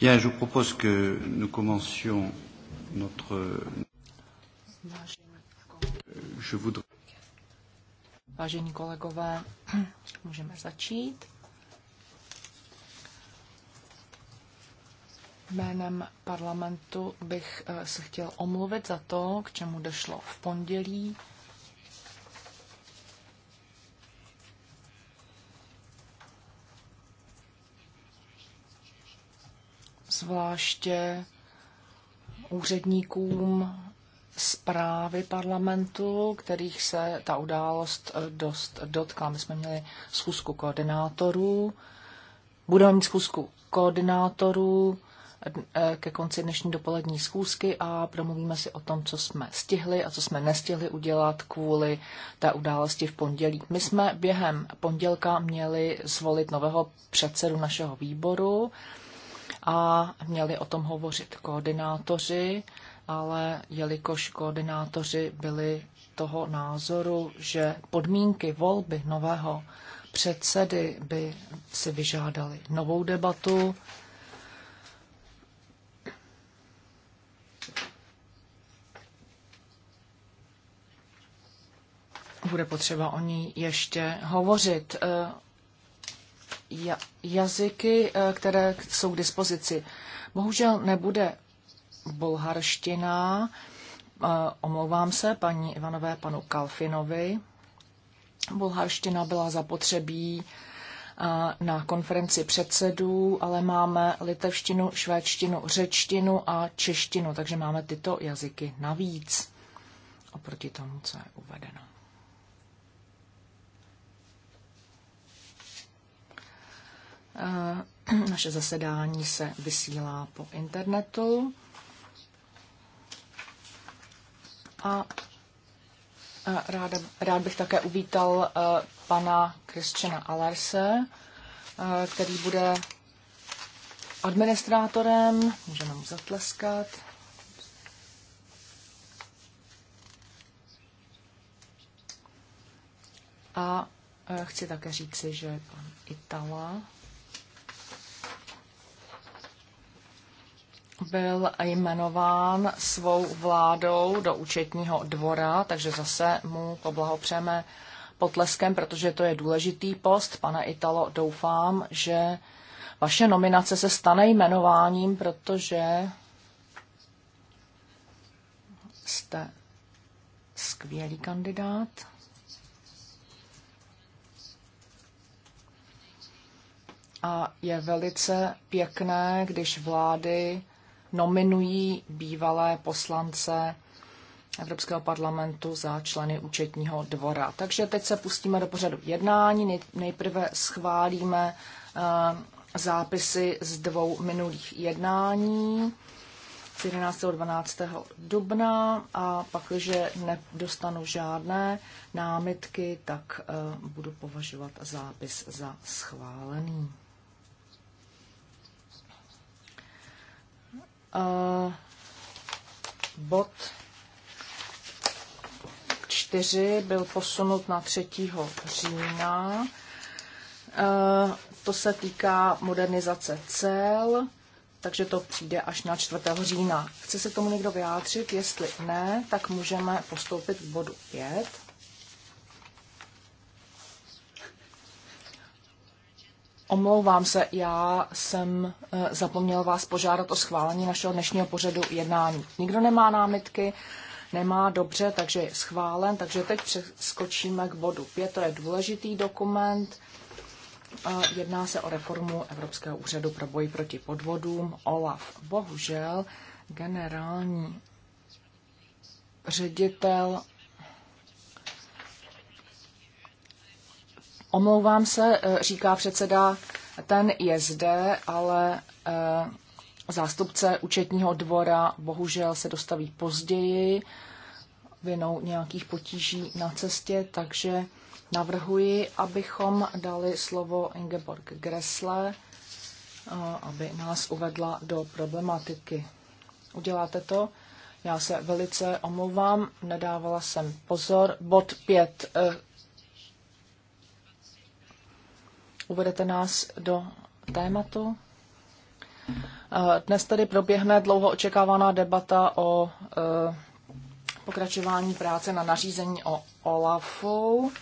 Bien, je vous propose que nous commencions notre. Je voudrais... Vážení kolegové, můžeme začít. Jménem parlamentu bych eh, se chtěl omluvit za to, k čemu došlo v pondělí zvláště úředníkům zprávy parlamentu, kterých se ta událost eh, dost dotkla. My jsme měli schůzku koordinátorů, budeme mít schůzku koordinátorů eh, ke konci dnešní dopolední schůzky a promluvíme si o tom, co jsme stihli a co jsme nestihli udělat kvůli té události v pondělí. My jsme během pondělka měli zvolit nového předsedu našeho výboru, a měli o tom hovořit koordinátoři, ale jelikož koordinátoři byli toho názoru, že podmínky volby nového předsedy by si vyžádali novou debatu, bude potřeba o ní ještě hovořit jazyky, eh, které jsou k dispozici. Bohužel nebude bulharština, eh, omlouvám se paní Ivanové, panu Kalfinovi. Bulharština byla zapotřebí eh, na konferenci předsedů, ale máme litevštinu, švédštinu, řečtinu a češtinu, takže máme tyto jazyky navíc oproti tomu, co je uvedeno. Eh, naše zasedání se vysílá po internetu. A eh, ráda, rád bych také uvítal eh, pana Christiana Alerse, který bude administrátorem. Můžeme mu zatleskat. A chci také říci, že pan Itala byl jmenován svou vládou do účetního dvora, takže zase mu poblahopřejeme potleskem, protože to je důležitý post. Pane Italo, doufám, že vaše nominace se stane jmenováním, protože jste skvělý kandidát. A je velice pěkné, když vlády nominují bývalé poslance Evropského parlamentu za členy účetního dvora. Takže teď se pustíme do pořadu jednání. Nejprve schválíme eh, zápisy z dvou minulých jednání z 11. a 12. dubna a pak, když nedostanu žádné námitky, tak eh, budu považovat zápis za schválený. Uh, bod 4 byl posunut na 3. října. Uh, to se týká modernizace cel, takže to přijde až na 4. října. Chce se tomu někdo vyjádřit? Jestli ne, tak můžeme postoupit k bodu 5. Omlouvám se, já jsem eh, zapomněl vás požádat o schválení našeho dnešního pořadu jednání. Nikdo nemá námitky, nemá dobře, takže je schválen. Takže teď přeskočíme k bodu 5, to je důležitý dokument. Eh, jedná se o reformu Evropského úřadu pro boj proti podvodům OLAF. Bohužel generální ředitel Omlouvám se, eh, říká předseda, ten je zde, ale eh, zástupce účetního dvora bohužel se dostaví později vinou nějakých potíží na cestě, takže navrhuji, abychom dali slovo Ingeborg Gressle, eh, aby nás uvedla do problematiky. Uděláte to? Já se velice omlouvám, nedávala jsem pozor. Bod 5 uvedete nás do tématu. Eh, dnes tedy proběhne dlouho očekávaná debata o eh, pokračování práce na nařízení o OLAFu.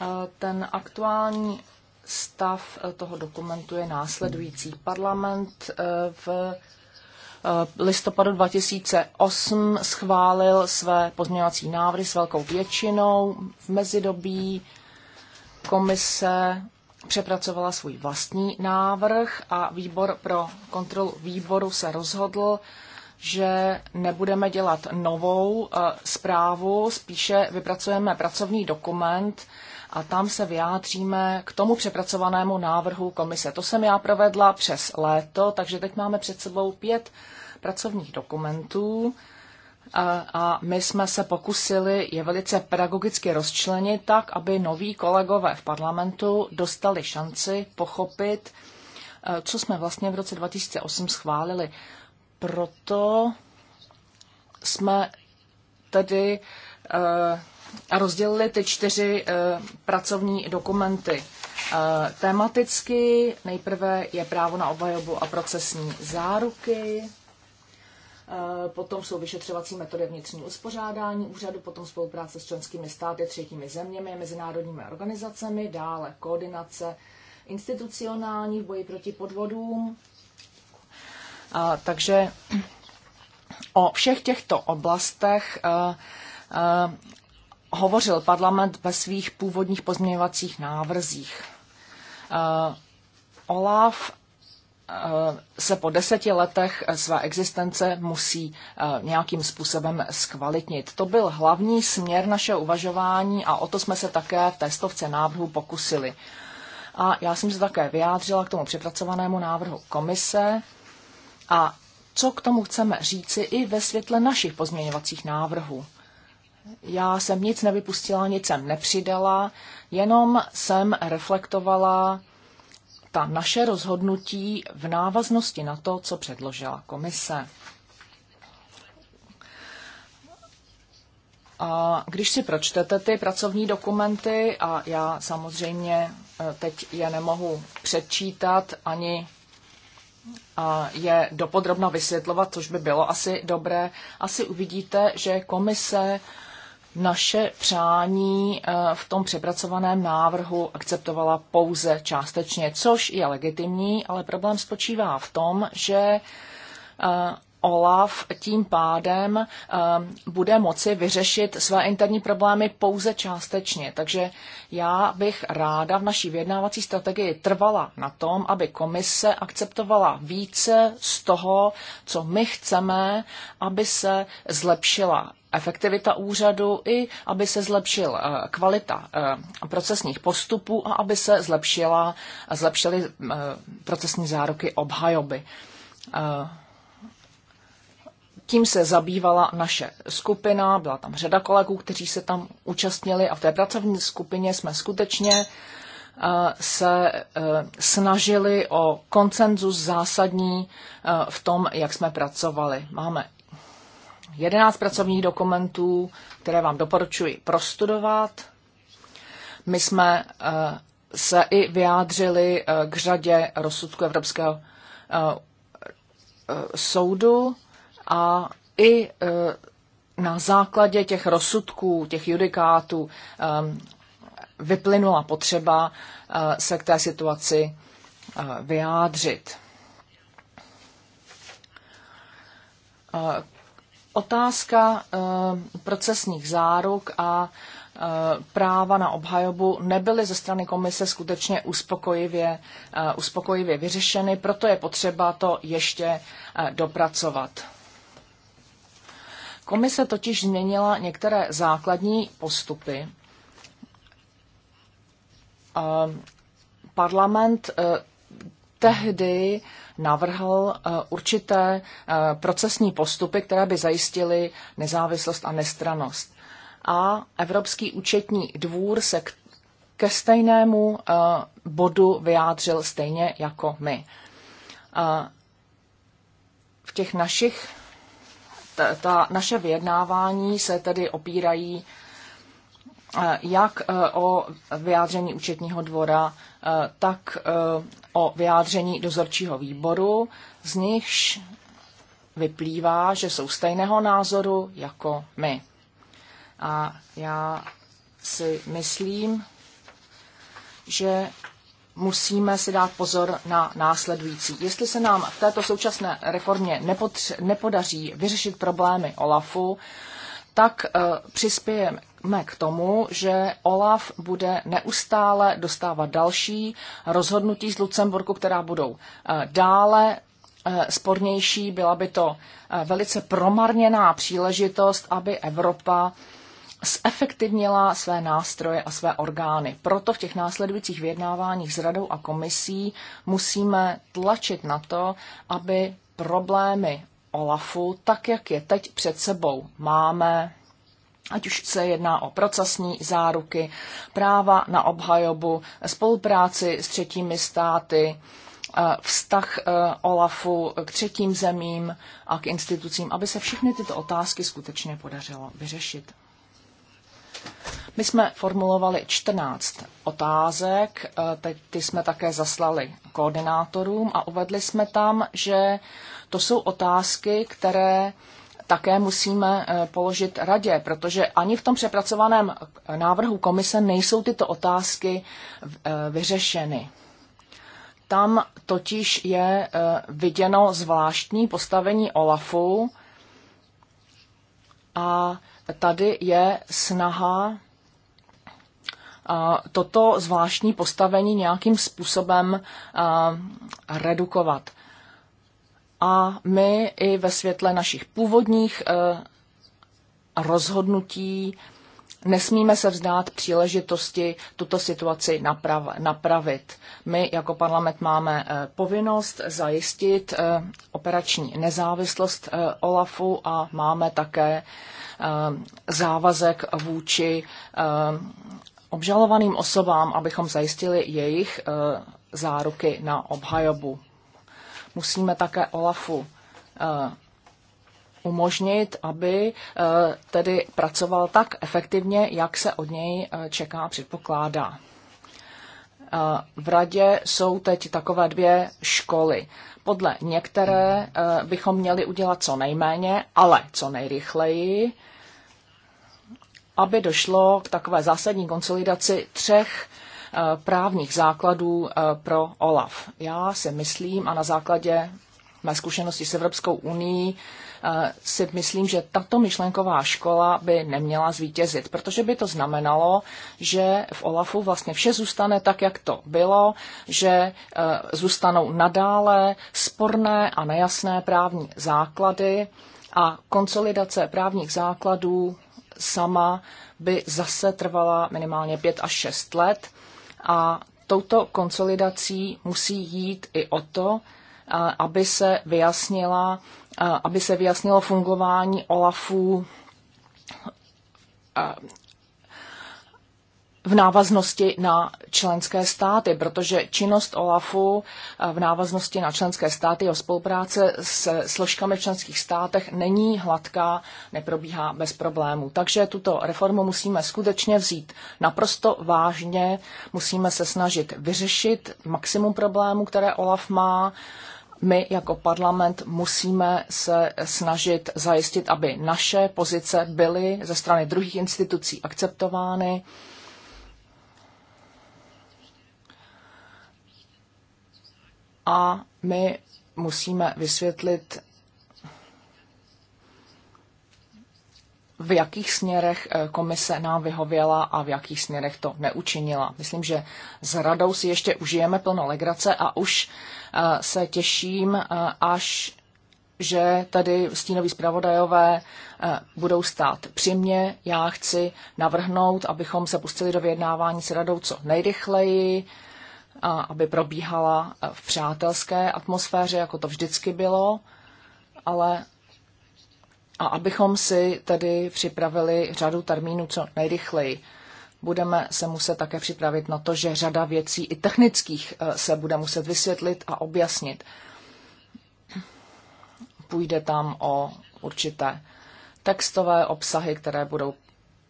Eh, ten aktuální stav toho dokumentu je následující. Parlament v listopadu 2008 schválil své pozměňovací návrhy s velkou většinou. V mezidobí Komise přepracovala svůj vlastní návrh a výbor pro kontrolu výboru se rozhodl, že nebudeme dělat novou eh, zprávu, spíše vypracujeme pracovní dokument a tam se vyjádříme k tomu přepracovanému návrhu komise. To jsem já provedla přes léto, takže teď máme před sebou pět pracovních dokumentů a my jsme se pokusili je velice pedagogicky rozčlenit tak, aby noví kolegové v parlamentu dostali šanci pochopit, e, co jsme vlastně v roce 2008 schválili. Proto jsme tedy e, rozdělili ty čtyři e, pracovní dokumenty. Tematicky nejprve je právo na obhajobu a procesní záruky, Eh, potom jsou vyšetřovací metody vnitřní uspořádání úřadu, potom spolupráce s členskými státy, třetími zeměmi, mezinárodními organizacemi, dále koordinace institucionální v boji proti podvodům. A, takže o všech těchto oblastech a, eh, a, eh, hovořil parlament ve svých původních pozměňovacích návrzích. Olaf Eh, se po deseti letech své existence musí eh, nějakým způsobem zkvalitnit. To byl hlavní směr našeho uvažování a o to jsme se také v testovce návrhu pokusili. A já jsem se také vyjádřila k tomu přepracovanému návrhu komise a co k tomu chceme říci i ve světle našich pozměňovacích návrhů. Já jsem nic nevypustila, nic jsem nepřidala, jenom jsem reflektovala ta naše rozhodnutí v návaznosti na to, co předložila komise. A když si pročtete ty pracovní dokumenty, a já samozřejmě e, teď je nemohu předčítat ani je dopodrobna vysvětlovat, což by bylo asi dobré, asi uvidíte, že komise naše přání eh, v tom přepracovaném návrhu akceptovala pouze částečně, což je legitimní, ale problém spočívá v tom, že eh, Olaf tím pádem ehm, bude moci vyřešit své interní problémy pouze částečně. Takže já bych ráda v naší vyjednávací strategii trvala na tom, aby komise akceptovala více z toho, co my chceme, aby se zlepšila efektivita úřadu i aby se zlepšil eh, kvalita eh, procesních postupů a aby se zlepšila, zlepšily eh, procesní záruky obhajoby. Tím se zabývala naše skupina, byla tam řada kolegů, kteří se tam účastnili a v té pracovní skupině jsme skutečně eh, se eh, snažili o koncenzus zásadní eh, v tom, jak jsme pracovali. Máme 11 pracovních dokumentů, které vám doporučuji prostudovat. My jsme se i vyjádřili k řadě rozsudku Evropského soudu a i e, na základě těch rozsudků, těch judikátů e, vyplynula potřeba e, se k té situaci vyjádřit. Otázka procesních záruk a práva na obhajobu nebyly ze strany komise skutečně uspokojivě, uspokojivě vyřešeny, proto je potřeba to ještě dopracovat. Komise totiž změnila některé základní postupy. Parlament e, tehdy navrhl e, určité e, procesní postupy, které by zajistily nezávislost a nestranost. A Evropský účetní dvůr se ke stejnému bodu vyjádřil stejně jako my. V těch našich ta naše vyjednávání se tedy opírají eh, jak eh, o vyjádření účetního dvora, eh, tak o vyjádření dozorčího výboru, z nichž vyplývá, že jsou stejného názoru jako my. A já si myslím, že musíme si dát pozor na následující. Jestli se nám v této současné reformě nepotř- nepodaří vyřešit problémy OLAFu, tak uh, přispějeme k tomu, že OLAF bude neustále dostávat další rozhodnutí z Lucemburku, která budou eh, dále eh, spornější, byla by to velice promarněná příležitost, aby Evropa zefektivnila své nástroje a své orgány. Proto v těch následujících vyjednáváních s radou a komisí musíme tlačit na to, aby problémy OLAFu, tak jak je teď před sebou máme, ať už se jedná o procesní záruky, práva na obhajobu, spolupráci s třetími státy, eh, vztah eh, OLAFu k třetím zemím a k institucím, aby se všechny tyto otázky skutečně podařilo vyřešit. My jsme formulovali 14 otázek, eh, teď ty jsme také zaslali koordinátorům a uvedli jsme tam, že to jsou otázky, které také musíme eh, položit radě, protože ani v tom přepracovaném návrhu komise nejsou tyto otázky eh, vyřešeny. Tam totiž je viděno zvláštní postavení OLAFu a tady je snaha toto zvláštní postavení nějakým způsobem redukovat. A my i ve světle našich původních e, rozhodnutí Nesmíme se vzdát příležitosti tuto situaci naprav, napravit. My jako parlament máme eh, povinnost zajistit eh, operační nezávislost eh, OLAFu a máme také závazek vůči obžalovaným osobám, abychom zajistili jejich záruky na obhajobu. Musíme také OLAFu umožnit, aby eh, tedy pracoval tak efektivně, jak se od něj eh, čeká, předpokládá. Eh, v radě jsou teď takové dvě školy. Podle některé bychom měli udělat co nejméně, ale co nejrychleji, aby došlo k takové zásadní konsolidaci třech právních základů pro OLAF. Já si myslím a na základě mé zkušenosti s Evropskou unii Eh, si myslím, že tato myšlenková škola by neměla zvítězit, protože by to znamenalo, že v OLAFu vlastně vše zůstane tak, jak to bylo, že eh, zůstanou nadále sporné a nejasné právní základy a konsolidace právních základů sama by zase trvala minimálně 5 až 6 let a touto konsolidací musí jít i o to, eh, aby se vyjasnila aby se vyjasnilo fungování OLAFu v návaznosti na členské státy, protože činnost OLAFu v návaznosti na členské státy o spolupráce s složkami v členských státech není hladká, neprobíhá bez problémů. Takže tuto reformu musíme skutečně vzít naprosto vážně, musíme se snažit vyřešit maximum problémů, které OLAF má, my jako parlament musíme se snažit zajistit, aby naše pozice byly ze strany druhých institucí akceptovány. A my musíme vysvětlit v jakých směrech eh, komise nám vyhověla a v jakých směrech to neučinila. Myslím, že s radou si ještě užijeme plno legrace a už eh, se těším, eh, až že tady stínoví zpravodajové budou stát při mě. Já chci navrhnout, abychom se pustili do vyjednávání s radou co nejrychleji, a aby probíhala v přátelské atmosféře, jako to vždycky bylo, ale a abychom si tedy připravili řadu termínů co nejrychleji. Budeme se muset také připravit na to, že řada věcí i technických eh, se bude muset vysvětlit a objasnit. Půjde tam o určité textové obsahy, které budou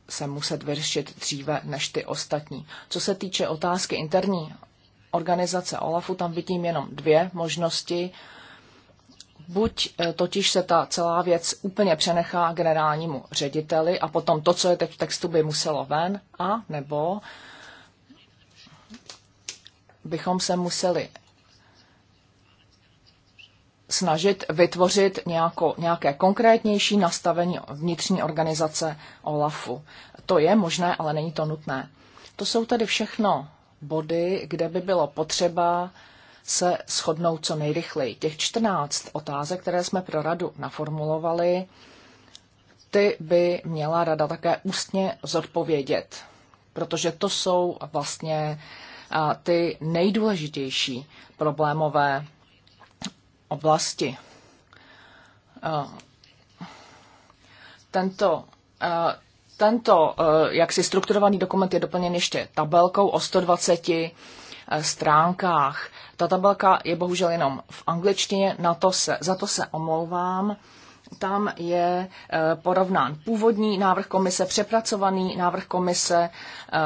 se muset vyřešit dříve než ty ostatní. Co se týče otázky interní organizace OLAFu, tam vidím jenom dvě možnosti. Buď eh, totiž se ta celá věc úplně přenechá generálnímu řediteli a potom to, co je teď v textu, by muselo ven, a nebo bychom se museli snažit vytvořit nějako, nějaké konkrétnější nastavení vnitřní organizace OLAFu. To je možné, ale není to nutné. To jsou tedy všechno body, kde by bylo potřeba se shodnout co nejrychleji. Těch 14 otázek, které jsme pro radu naformulovali, ty by měla rada také ústně zodpovědět, protože to jsou vlastně ty nejdůležitější problémové oblasti. Tento, tento jaksi strukturovaný dokument je doplněn ještě tabelkou o 120 stránkách. Ta tabelka je bohužel jenom v angličtině, na to se, za to se omlouvám. Tam je eh, porovnán původní návrh komise, přepracovaný návrh komise, eh,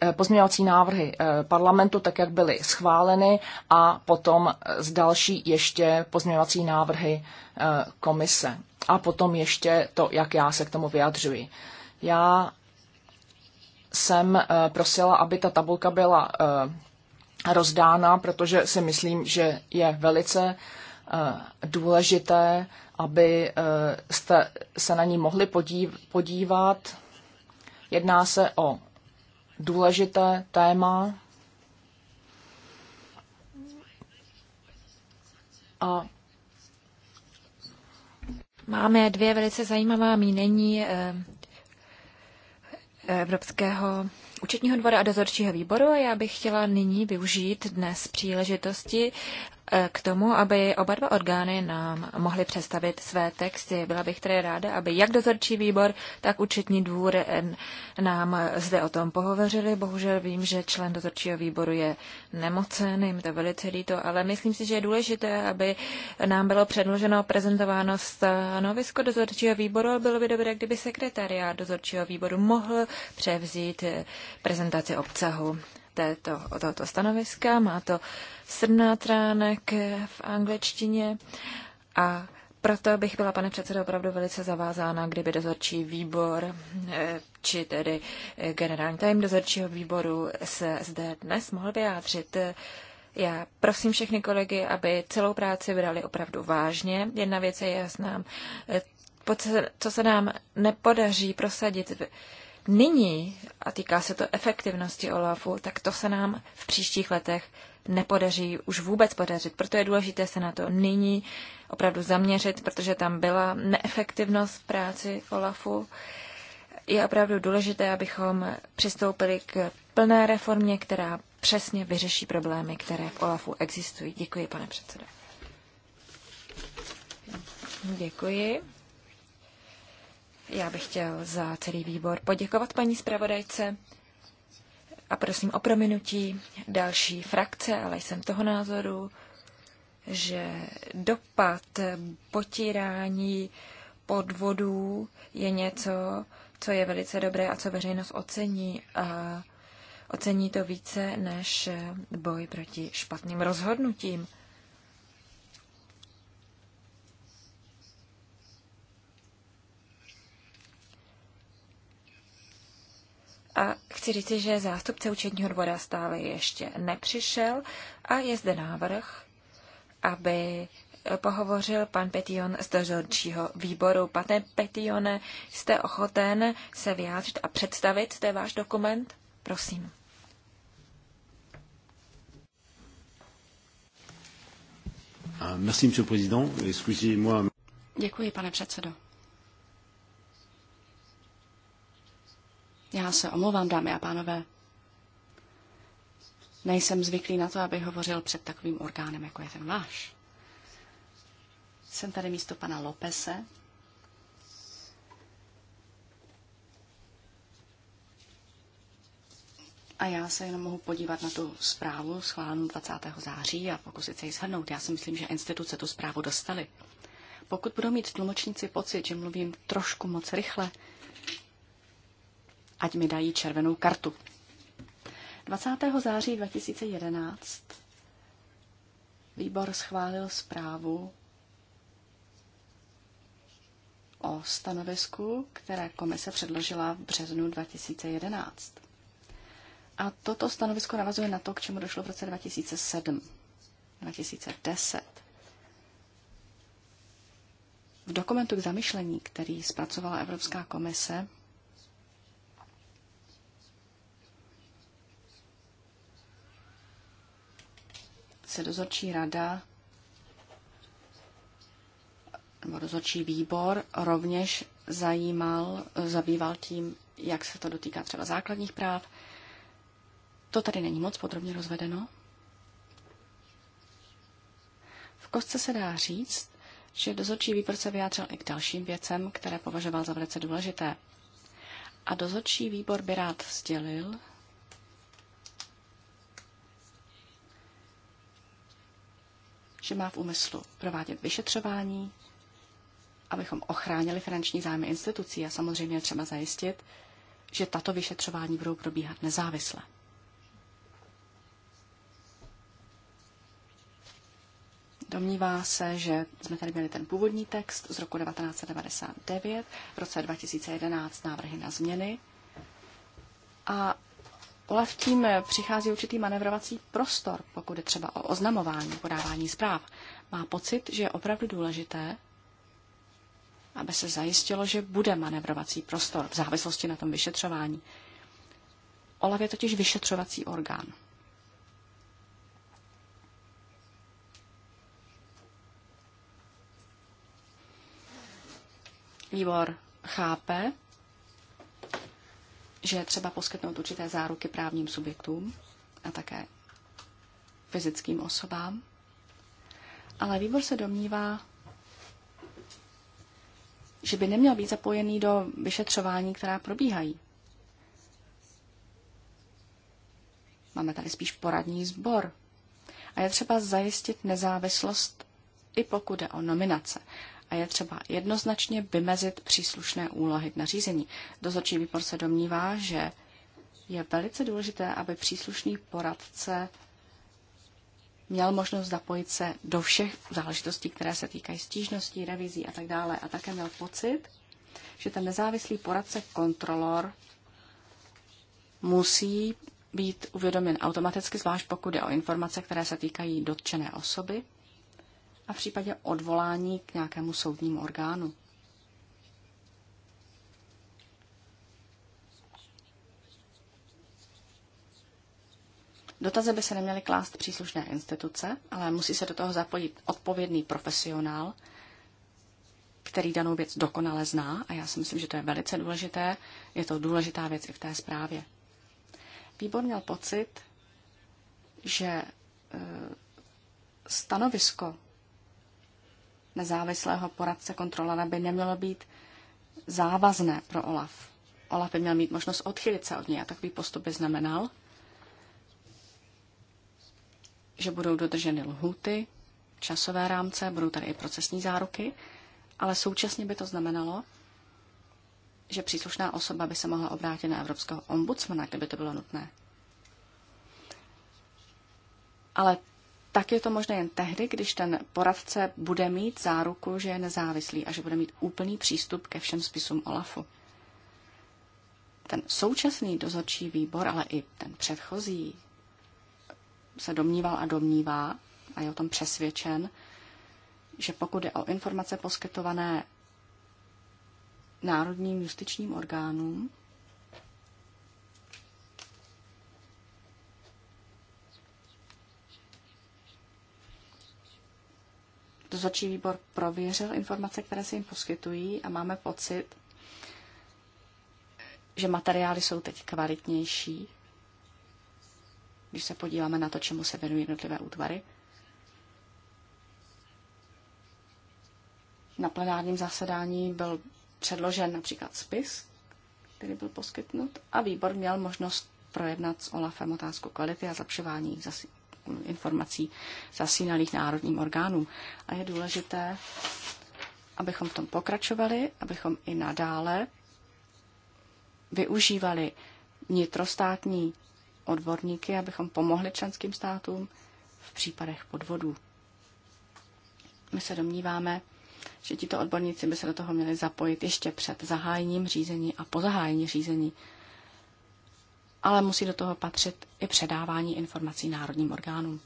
eh, pozměňovací návrhy parlamentu, tak jak byly schváleny, a potom z další ještě pozměňovací návrhy komise. A potom ještě to, jak já se k tomu vyjadřuji. Já jsem prosila, aby ta tabulka byla rozdána, protože si myslím, že je velice eh, důležité, aby eh, jste se na ní mohli podívat. Jedná se o důležité téma a Máme dvě velice zajímavá mínění eh, Evropského Učetního dvora a dozorčího výboru a já bych chtěla nyní využít dnes příležitosti, k tomu, aby oba dva orgány nám mohly představit své texty. Byla bych tedy ráda, aby jak dozorčí výbor, tak účetní dvůr nám zde o tom pohovořili. Bohužel vím, že člen dozorčího výboru je nemocen, jim to velice líto, ale myslím si, že je důležité, aby nám bylo předloženo prezentováno stanovisko dozorčího výboru a bylo by dobré, kdyby sekretariát dozorčího výboru mohl převzít prezentaci obsahu této, tohoto stanoviska. Má to 17 ránek v angličtině a proto bych byla, pane předsedo, opravdu velice zavázána, kdyby dozorčí výbor, eh, či tedy eh, generální tajem dozorčího výboru se zde dnes mohl vyjádřit. Já prosím všechny kolegy, aby celou práci brali opravdu vážně. Jedna věc je jasná. Eh, co se nám nepodaří prosadit nyní, a týká se to efektivnosti OLAFu, tak to se nám v příštích letech nepodaří už vůbec podařit. Proto je důležité se na to nyní opravdu zaměřit, protože tam byla neefektivnost v práci OLAFu. Je opravdu důležité, abychom přistoupili k plné reformě, která přesně vyřeší problémy, které v OLAFu existují. Děkuji, pane předsedo. Děkuji. Já bych chtěl za celý výbor poděkovat paní zpravodajce a prosím o prominutí další frakce, ale jsem toho názoru, že dopad potírání podvodů je něco, co je velice dobré a co veřejnost ocení a ocení to více než boj proti špatným rozhodnutím. A chci říci, že zástupce účetního dvora stále ještě nepřišel a je zde návrh, aby pohovořil pan Petion z dozorčího výboru. Pane Petione, jste ochoten se vyjádřit a představit ten váš dokument? Prosím. Ah, merci, monsieur le président. Excusez-moi. Děkuji, pane předsedo. Já se omlouvám, dámy a pánové. Nejsem zvyklý na to, aby hovořil před takovým orgánem, jako je ten váš. Jsem tady místo pana Lopese. A já se jenom mohu podívat na tu zprávu schválenou 20. září a pokusit se ji shrnout. Já si myslím, že instituce tu zprávu dostaly. Pokud budou mít tlumočníci pocit, že mluvím trošku moc rychle, ať mi dají červenou kartu. 20. září 2011 výbor schválil zprávu o stanovisku, které komise předložila v březnu 2011. A toto stanovisko navazuje na to, k čemu došlo v roce 2007, 2010. V dokumentu k zamyšlení, který zpracovala Evropská komise, se dozorčí rada nebo dozorčí výbor rovněž zajímal, zabýval tím, jak se to dotýká třeba základních práv. To tady není moc podrobně rozvedeno. V kostce se dá říct, že dozorčí výbor se vyjádřil i k dalším věcem, které považoval za velice důležité. A dozorčí výbor by rád sdělil, že má v úmyslu provádět vyšetřování, abychom ochránili finanční zájmy institucí a samozřejmě třeba zajistit, že tato vyšetřování budou probíhat nezávisle. Domnívá se, že jsme tady měli ten původní text z roku 1999, v roce 2011 návrhy na změny a OLAF tím eh, přichází určitý manevrovací prostor, pokud je třeba o oznamování, podávání zpráv. Má pocit, že je opravdu důležité, aby se zajistilo, že bude manevrovací prostor v závislosti na tom vyšetřování. OLAF je totiž vyšetřovací orgán. Výbor chápe, že je třeba poskytnout určité záruky právním subjektům a také fyzickým osobám. Ale výbor se domnívá, že by neměl být zapojený do vyšetřování, která probíhají. Máme tady spíš poradní sbor. A je třeba zajistit nezávislost, i pokud jde o nominace a je třeba jednoznačně vymezit příslušné úlohy k nařízení. Dozorčí výbor se domnívá, že je velice důležité, aby příslušný poradce měl možnost zapojit se do všech záležitostí, které se týkají stížností, revizí a tak dále. A také měl pocit, že ten nezávislý poradce, kontrolor, musí být uvědomen automaticky, zvlášť pokud je o informace, které se týkají dotčené osoby a v případě odvolání k nějakému soudnímu orgánu. Dotazy by se neměly klást příslušné instituce, ale musí se do toho zapojit odpovědný profesionál, který danou věc dokonale zná a já si myslím, že to je velice důležité. Je to důležitá věc i v té zprávě. Výbor měl pocit, že eh, stanovisko nezávislého poradce kontrolera by nemělo být závazné pro OLAF. OLAF by měl mít možnost odchylit se od něj a takový postup by znamenal, že budou dodrženy lhuty, časové rámce, budou tady i procesní záruky, ale současně by to znamenalo, že příslušná osoba by se mohla obrátit na evropského ombudsmana, kdyby to bylo nutné. Ale tak je to možné jen tehdy, když ten poradce bude mít záruku, že je nezávislý a že bude mít úplný přístup ke všem spisům OLAFu. Ten současný dozorčí výbor, ale i ten předchozí, se domníval a domnívá a je o tom přesvědčen, že pokud je o informace poskytované národním justičním orgánům, dozorčí výbor prověřil informace, které se jim poskytují a máme pocit, že materiály jsou teď kvalitnější, když se podíváme na to, čemu se věnují jednotlivé útvary. Na plenárním zasedání byl předložen například spis, který byl poskytnut a výbor měl možnost projednat s Olafem otázku kvality a zlepšování informací zasínaných národním orgánům. A je důležité, abychom v tom pokračovali, abychom i nadále využívali vnitrostátní odborníky, abychom pomohli členským státům v případech podvodů. My se domníváme, že tito odborníci by se do toho měli zapojit ještě před zahájením řízení a po zahájení řízení ale musí do toho patřit i předávání informací národním orgánům.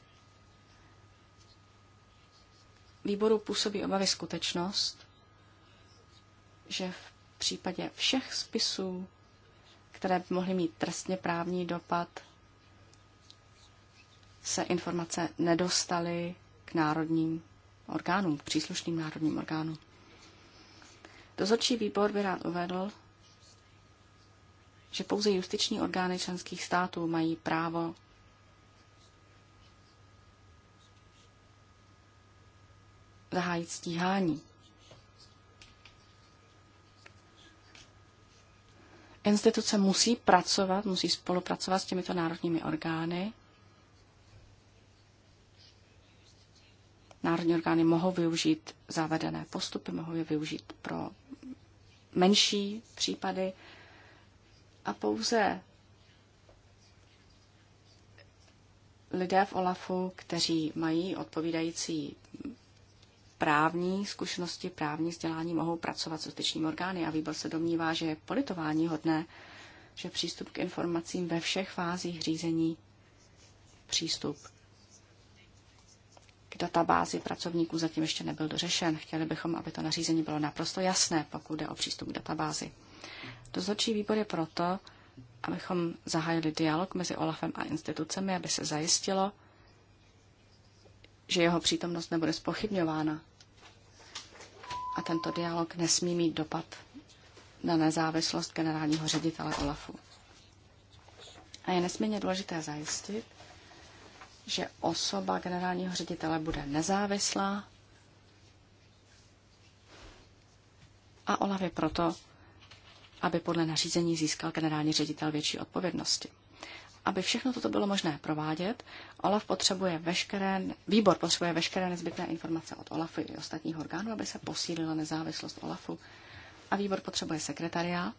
Výboru působí obavy skutečnost, že v případě všech spisů, které by mohly mít trestně právní dopad, se informace nedostaly k národním orgánům, k příslušným národním orgánům. Dozorčí výbor by rád uvedl, že pouze justiční orgány členských států mají právo zahájit stíhání. Instituce musí pracovat, musí spolupracovat s těmito národními orgány. Národní orgány mohou využít závedené postupy, mohou je využít pro menší případy, a pouze lidé v OLAFu, kteří mají odpovídající právní zkušenosti, právní vzdělání, mohou pracovat s dotyčnými orgány a výbor se domnívá, že je politování hodné, že přístup k informacím ve všech fázích řízení, přístup k databázi pracovníků zatím ještě nebyl dořešen. Chtěli bychom, aby to nařízení bylo naprosto jasné, pokud jde o přístup k databázi. Dozorčí výbor je proto, abychom zahájili dialog mezi Olafem a institucemi, aby se zajistilo, že jeho přítomnost nebude spochybňována. A tento dialog nesmí mít dopad na nezávislost generálního ředitele Olafu. A je nesmírně důležité zajistit, že osoba generálního ředitele bude nezávislá a Olaf je proto, aby podle nařízení získal generální ředitel větší odpovědnosti. Aby všechno toto bylo možné provádět, Olaf potřebuje veškeré, výbor potřebuje veškeré nezbytné informace od Olafu i ostatních orgánů, aby se posílila nezávislost Olafu. A výbor potřebuje sekretariát,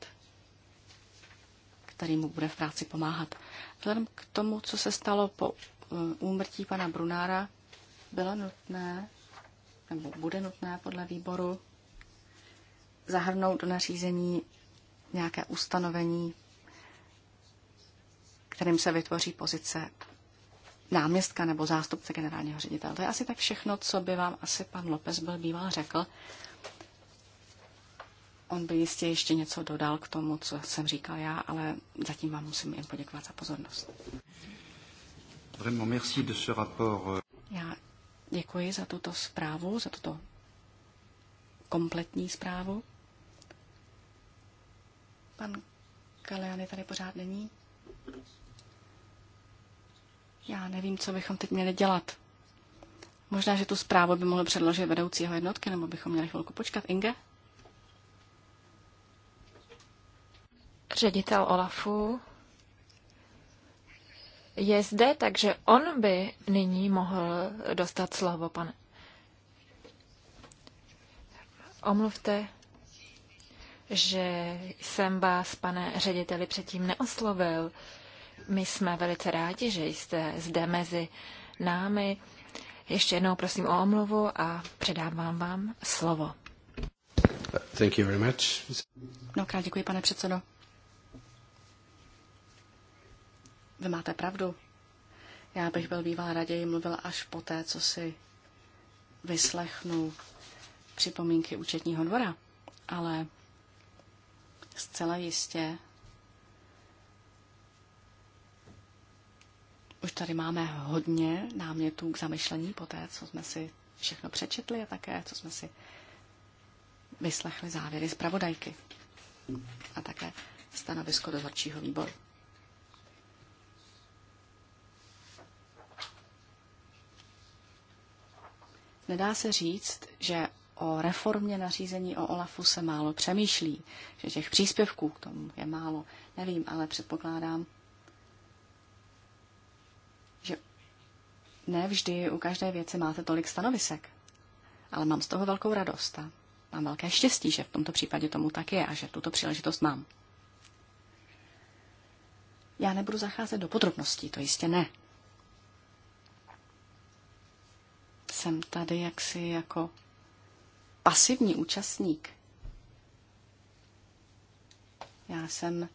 který mu bude v práci pomáhat. Vzhledem k tomu, co se stalo po eh, úmrtí pana Brunára, bylo nutné, nebo bude nutné podle výboru, zahrnout do nařízení nějaké ustanovení, kterým se vytvoří pozice náměstka nebo zástupce generálního ředitele. To je asi tak všechno, co by vám asi pan López byl býval řekl. On by jistě ještě něco dodal k tomu, co jsem říkal já, ale zatím vám musím jen poděkovat za pozornost. Euh. Já děkuji za tuto zprávu, za tuto kompletní zprávu. Pan Galeany tady pořád není. Já nevím, co bychom teď měli dělat. Možná, že tu zprávu by mohl předložit vedoucího jednotky, nebo bychom měli chvilku počkat. Inge? Ředitel Olafu je zde, takže on by nyní mohl dostat slovo, pane. Omluvte že jsem vás, pane řediteli, předtím neoslovil. My jsme velice rádi, že jste zde mezi námi. Ještě jednou prosím o omluvu a předávám vám slovo. Thank you very much. No, krát děkuji, pane předsedo. Vy máte pravdu. Já bych byl býval raději mluvil až po té, co si vyslechnu připomínky účetního dvora, ale zcela jistě už tady máme hodně námětů k zamyšlení po té, co jsme si všechno přečetli a také, co jsme si vyslechli závěry z pravodajky a také stanovisko dozorčího výboru. Nedá se říct, že o reformě nařízení o OLAFu se málo přemýšlí, že těch příspěvků k tomu je málo. Nevím, ale předpokládám, že ne vždy u každé věci máte tolik stanovisek. Ale mám z toho velkou radost a mám velké štěstí, že v tomto případě tomu tak je a že tuto příležitost mám. Já nebudu zacházet do podrobností, to jistě ne. Jsem tady jaksi jako pasivní účastník. Já jsem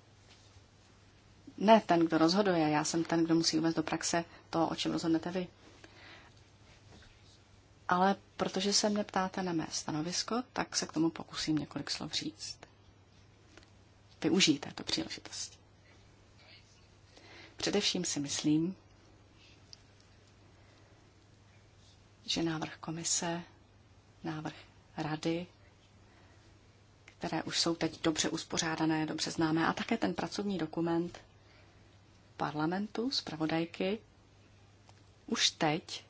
ne ten, kdo rozhoduje, já jsem ten, kdo musí uvést do praxe to, o čem rozhodnete vy. Ale protože se mě ptáte na mé stanovisko, tak se k tomu pokusím několik slov říct. Využijte této příležitosti. Především si myslím, že návrh komise, návrh rady, které už jsou teď dobře uspořádané, dobře známé, a také ten pracovní dokument parlamentu, zpravodajky, už teď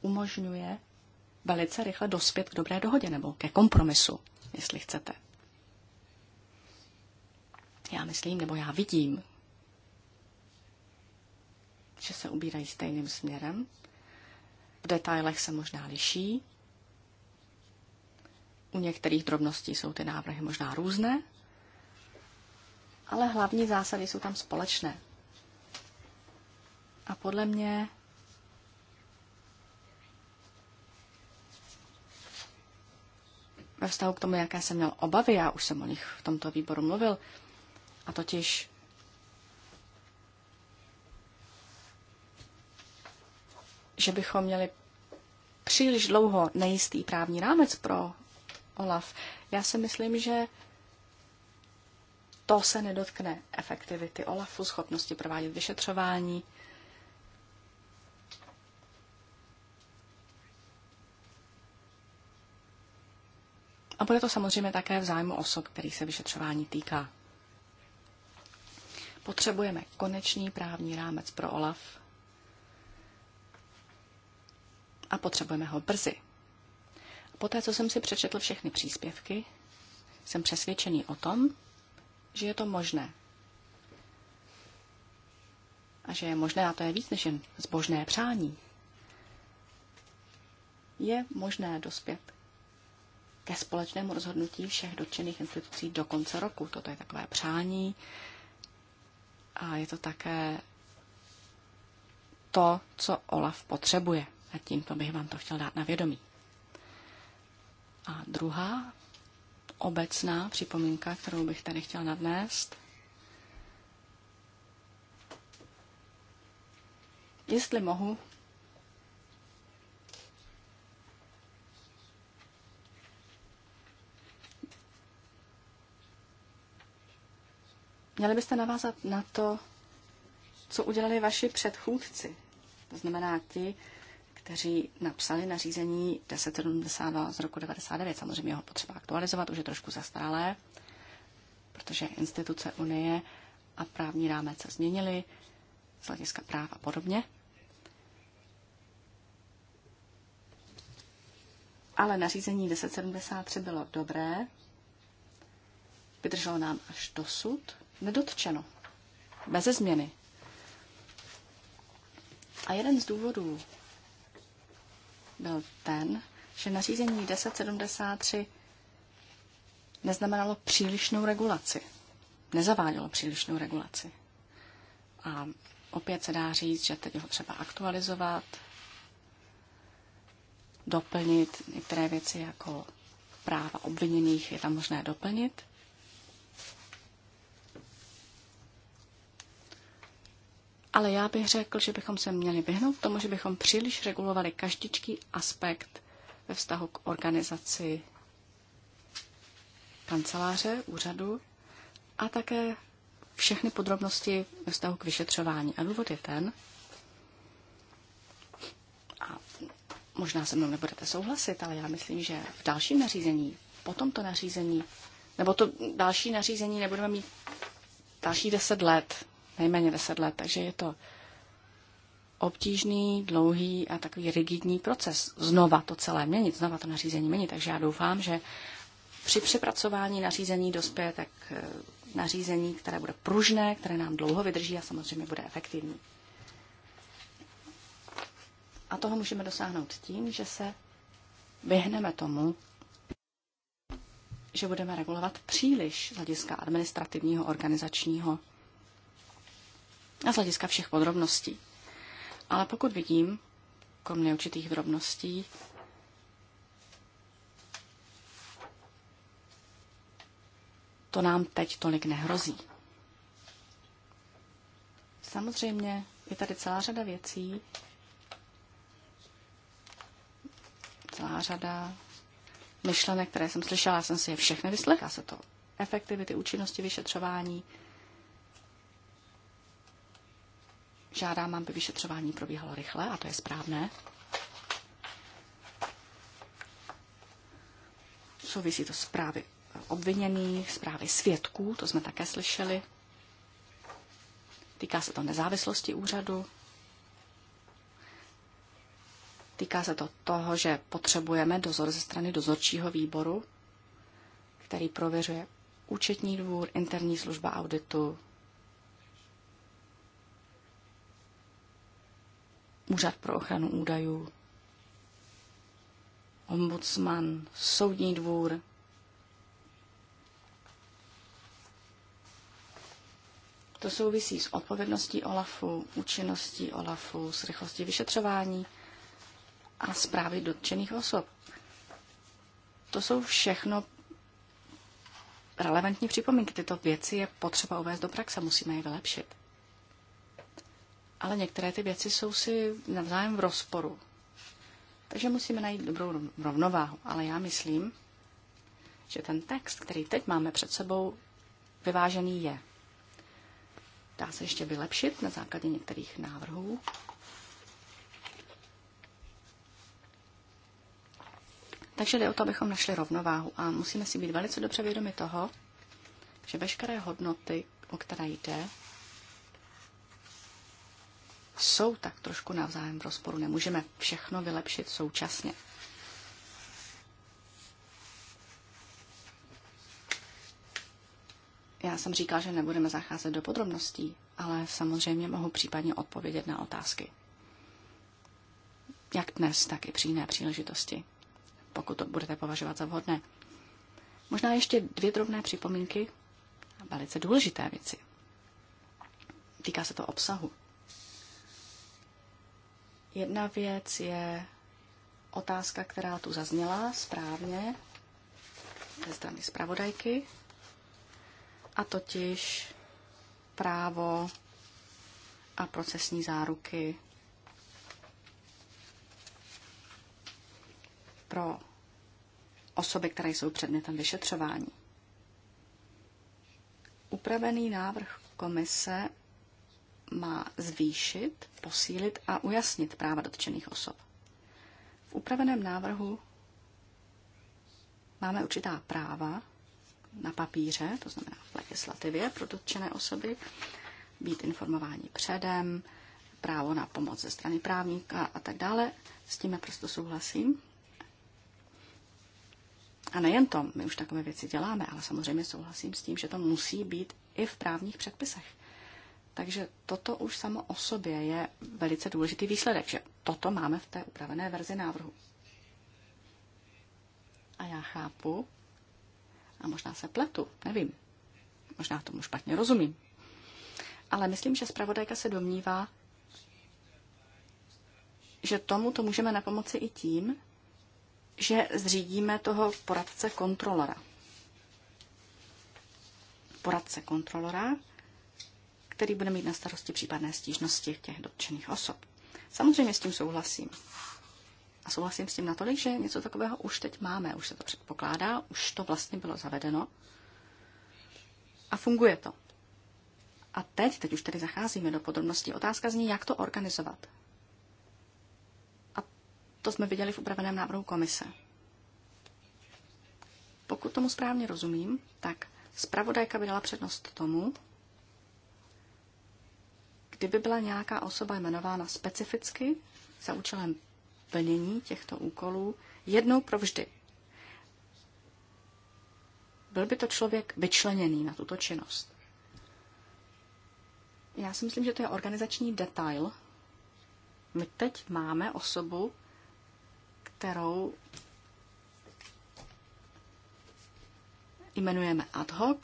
umožňuje velice rychle dospět k dobré dohodě nebo ke kompromisu, jestli chcete. Já myslím, nebo já vidím, že se ubírají stejným směrem. V detailech se možná liší. U některých drobností jsou ty návrhy možná různé, ale hlavní zásady jsou tam společné. A podle mě ve vztahu k tomu, jaké jsem měl obavy, já už jsem o nich v tomto výboru mluvil, a totiž že bychom měli příliš dlouho nejistý právní rámec pro OLAF, já si myslím, že to se nedotkne efektivity OLAFu, schopnosti provádět vyšetřování. A bude to samozřejmě také v zájmu osob, který se vyšetřování týká. Potřebujeme konečný právní rámec pro OLAF, a potřebujeme ho brzy. Poté, co jsem si přečetl všechny příspěvky, jsem přesvědčený o tom, že je to možné. A že je možné, a to je víc než jen zbožné přání, je možné dospět ke společnému rozhodnutí všech dotčených institucí do konce roku. Toto je takové přání a je to také to, co OLAF potřebuje. A tímto bych vám to chtěl dát na vědomí. A druhá obecná připomínka, kterou bych tady chtěl nadnést, jestli mohu, Měli byste navázat na to, co udělali vaši předchůdci, to znamená ti, kteří napsali nařízení 1072 z roku 99. Samozřejmě ho potřeba aktualizovat, už je trošku zastaralé, protože instituce Unie a právní rámec se změnily z hlediska práv a podobně. Ale nařízení 1073 bylo dobré, vydrželo nám až dosud, nedotčeno, beze změny. A jeden z důvodů, byl ten, že nařízení 1073 neznamenalo přílišnou regulaci. Nezavádělo přílišnou regulaci. A opět se dá říct, že teď ho třeba aktualizovat, doplnit některé věci jako práva obviněných je tam možné doplnit, Ale já bych řekl, že bychom se měli vyhnout tomu, že bychom příliš regulovali každičký aspekt ve vztahu k organizaci kanceláře, úřadu a také všechny podrobnosti ve vztahu k vyšetřování. A důvod je ten, a možná se mnou nebudete souhlasit, ale já myslím, že v dalším nařízení, po tomto nařízení, nebo to další nařízení nebudeme mít další deset let, nejméně deset let, takže je to obtížný, dlouhý a takový rigidní proces. Znova to celé měnit, znova to nařízení měnit. Takže já doufám, že při přepracování nařízení dospěje tak eh, nařízení, které bude pružné, které nám dlouho vydrží a samozřejmě bude efektivní. A toho můžeme dosáhnout tím, že se vyhneme tomu, že budeme regulovat příliš z hlediska administrativního, organizačního a z hlediska všech podrobností. Ale pokud vidím, kromě určitých drobností, to nám teď tolik nehrozí. Samozřejmě je tady celá řada věcí, celá řada myšlenek, které jsem slyšela, jsem si je všechny vyslechla, se to efektivity, účinnosti vyšetřování, Žádám, aby vyšetřování probíhalo rychle, a to je správné. Souvisí to zprávy obviněných, zprávy svědků, to jsme také slyšeli. Týká se to nezávislosti úřadu. Týká se to toho, že potřebujeme dozor ze strany dozorčího výboru, který prověřuje účetní dvůr, interní služba auditu, úřad pro ochranu údajů, ombudsman, soudní dvůr. To souvisí s odpovědností OLAFu, účinností OLAFu, s rychlostí vyšetřování a zprávy dotčených osob. To jsou všechno relevantní připomínky. Tyto věci je potřeba uvést do praxe, musíme je vylepšit ale některé ty věci jsou si navzájem v rozporu. Takže musíme najít dobrou rovnováhu. Ale já myslím, že ten text, který teď máme před sebou, vyvážený je. Dá se ještě vylepšit na základě některých návrhů. Takže jde o to, abychom našli rovnováhu a musíme si být velice dobře vědomi toho, že veškeré hodnoty, o které jde, jsou tak trošku navzájem v rozporu. Nemůžeme všechno vylepšit současně. Já jsem říkal, že nebudeme zacházet do podrobností, ale samozřejmě mohu případně odpovědět na otázky. Jak dnes, tak i při jiné příležitosti, pokud to budete považovat za vhodné. Možná ještě dvě drobné připomínky a velice důležité věci. Týká se to obsahu. Jedna věc je otázka, která tu zazněla správně ze strany zpravodajky, a totiž právo a procesní záruky pro osoby, které jsou předmětem vyšetřování. Upravený návrh komise má zvýšit, posílit a ujasnit práva dotčených osob. V upraveném návrhu máme určitá práva na papíře, to znamená v legislativě pro dotčené osoby, být informováni předem, právo na pomoc ze strany právníka a tak dále. S tím naprosto souhlasím. A nejen to, my už takové věci děláme, ale samozřejmě souhlasím s tím, že to musí být i v právních předpisech. Takže toto už samo o sobě je velice důležitý výsledek, že toto máme v té upravené verzi návrhu. A já chápu, a možná se pletu, nevím, možná tomu špatně rozumím, ale myslím, že zpravodajka se domnívá, že tomu to můžeme na pomoci i tím, že zřídíme toho poradce kontrolora. Poradce kontrolora, který bude mít na starosti případné stížnosti těch dotčených osob. Samozřejmě s tím souhlasím. A souhlasím s tím natolik, že něco takového už teď máme, už se to předpokládá, už to vlastně bylo zavedeno a funguje to. A teď, teď už tedy zacházíme do podrobností. Otázka zní, jak to organizovat. A to jsme viděli v upraveném návrhu komise. Pokud tomu správně rozumím, tak zpravodajka by dala přednost tomu, Kdyby byla nějaká osoba jmenována specificky za účelem plnění těchto úkolů, jednou provždy, byl by to člověk vyčleněný na tuto činnost. Já si myslím, že to je organizační detail. My teď máme osobu, kterou jmenujeme ad hoc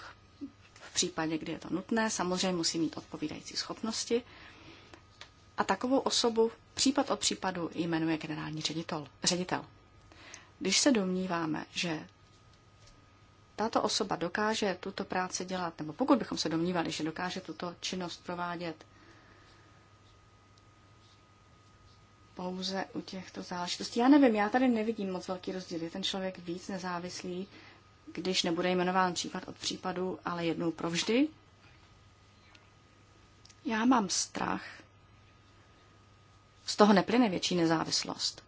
případě, kdy je to nutné, samozřejmě musí mít odpovídající schopnosti. A takovou osobu případ od případu jmenuje generální ředitel. ředitel. Když se domníváme, že tato osoba dokáže tuto práci dělat, nebo pokud bychom se domnívali, že dokáže tuto činnost provádět pouze u těchto záležitostí. Já nevím, já tady nevidím moc velký rozdíl. Je ten člověk víc nezávislý když nebude jmenován případ od případu, ale jednou provždy. Já mám strach. Z toho neplyne větší nezávislost,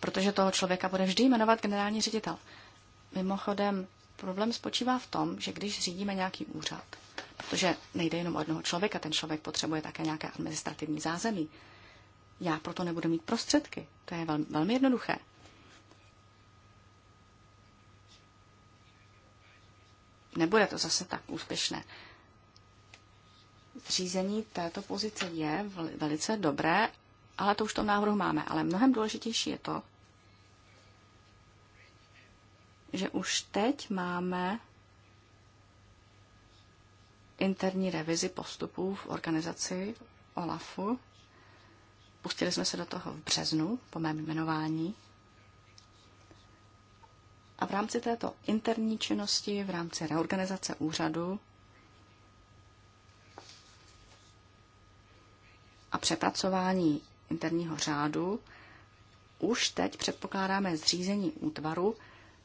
protože toho člověka bude vždy jmenovat generální ředitel. Mimochodem, problém spočívá v tom, že když řídíme nějaký úřad, protože nejde jenom o jednoho člověka, ten člověk potřebuje také nějaké administrativní zázemí. Já proto nebudu mít prostředky. To je velmi, velmi jednoduché. nebude to zase tak úspěšné. Řízení této pozice je velice dobré, ale to už v tom návrhu máme. Ale mnohem důležitější je to, že už teď máme interní revizi postupů v organizaci OLAFu. Pustili jsme se do toho v březnu po mém jmenování. A v rámci této interní činnosti, v rámci reorganizace úřadu a přepracování interního řádu, už teď předpokládáme zřízení útvaru,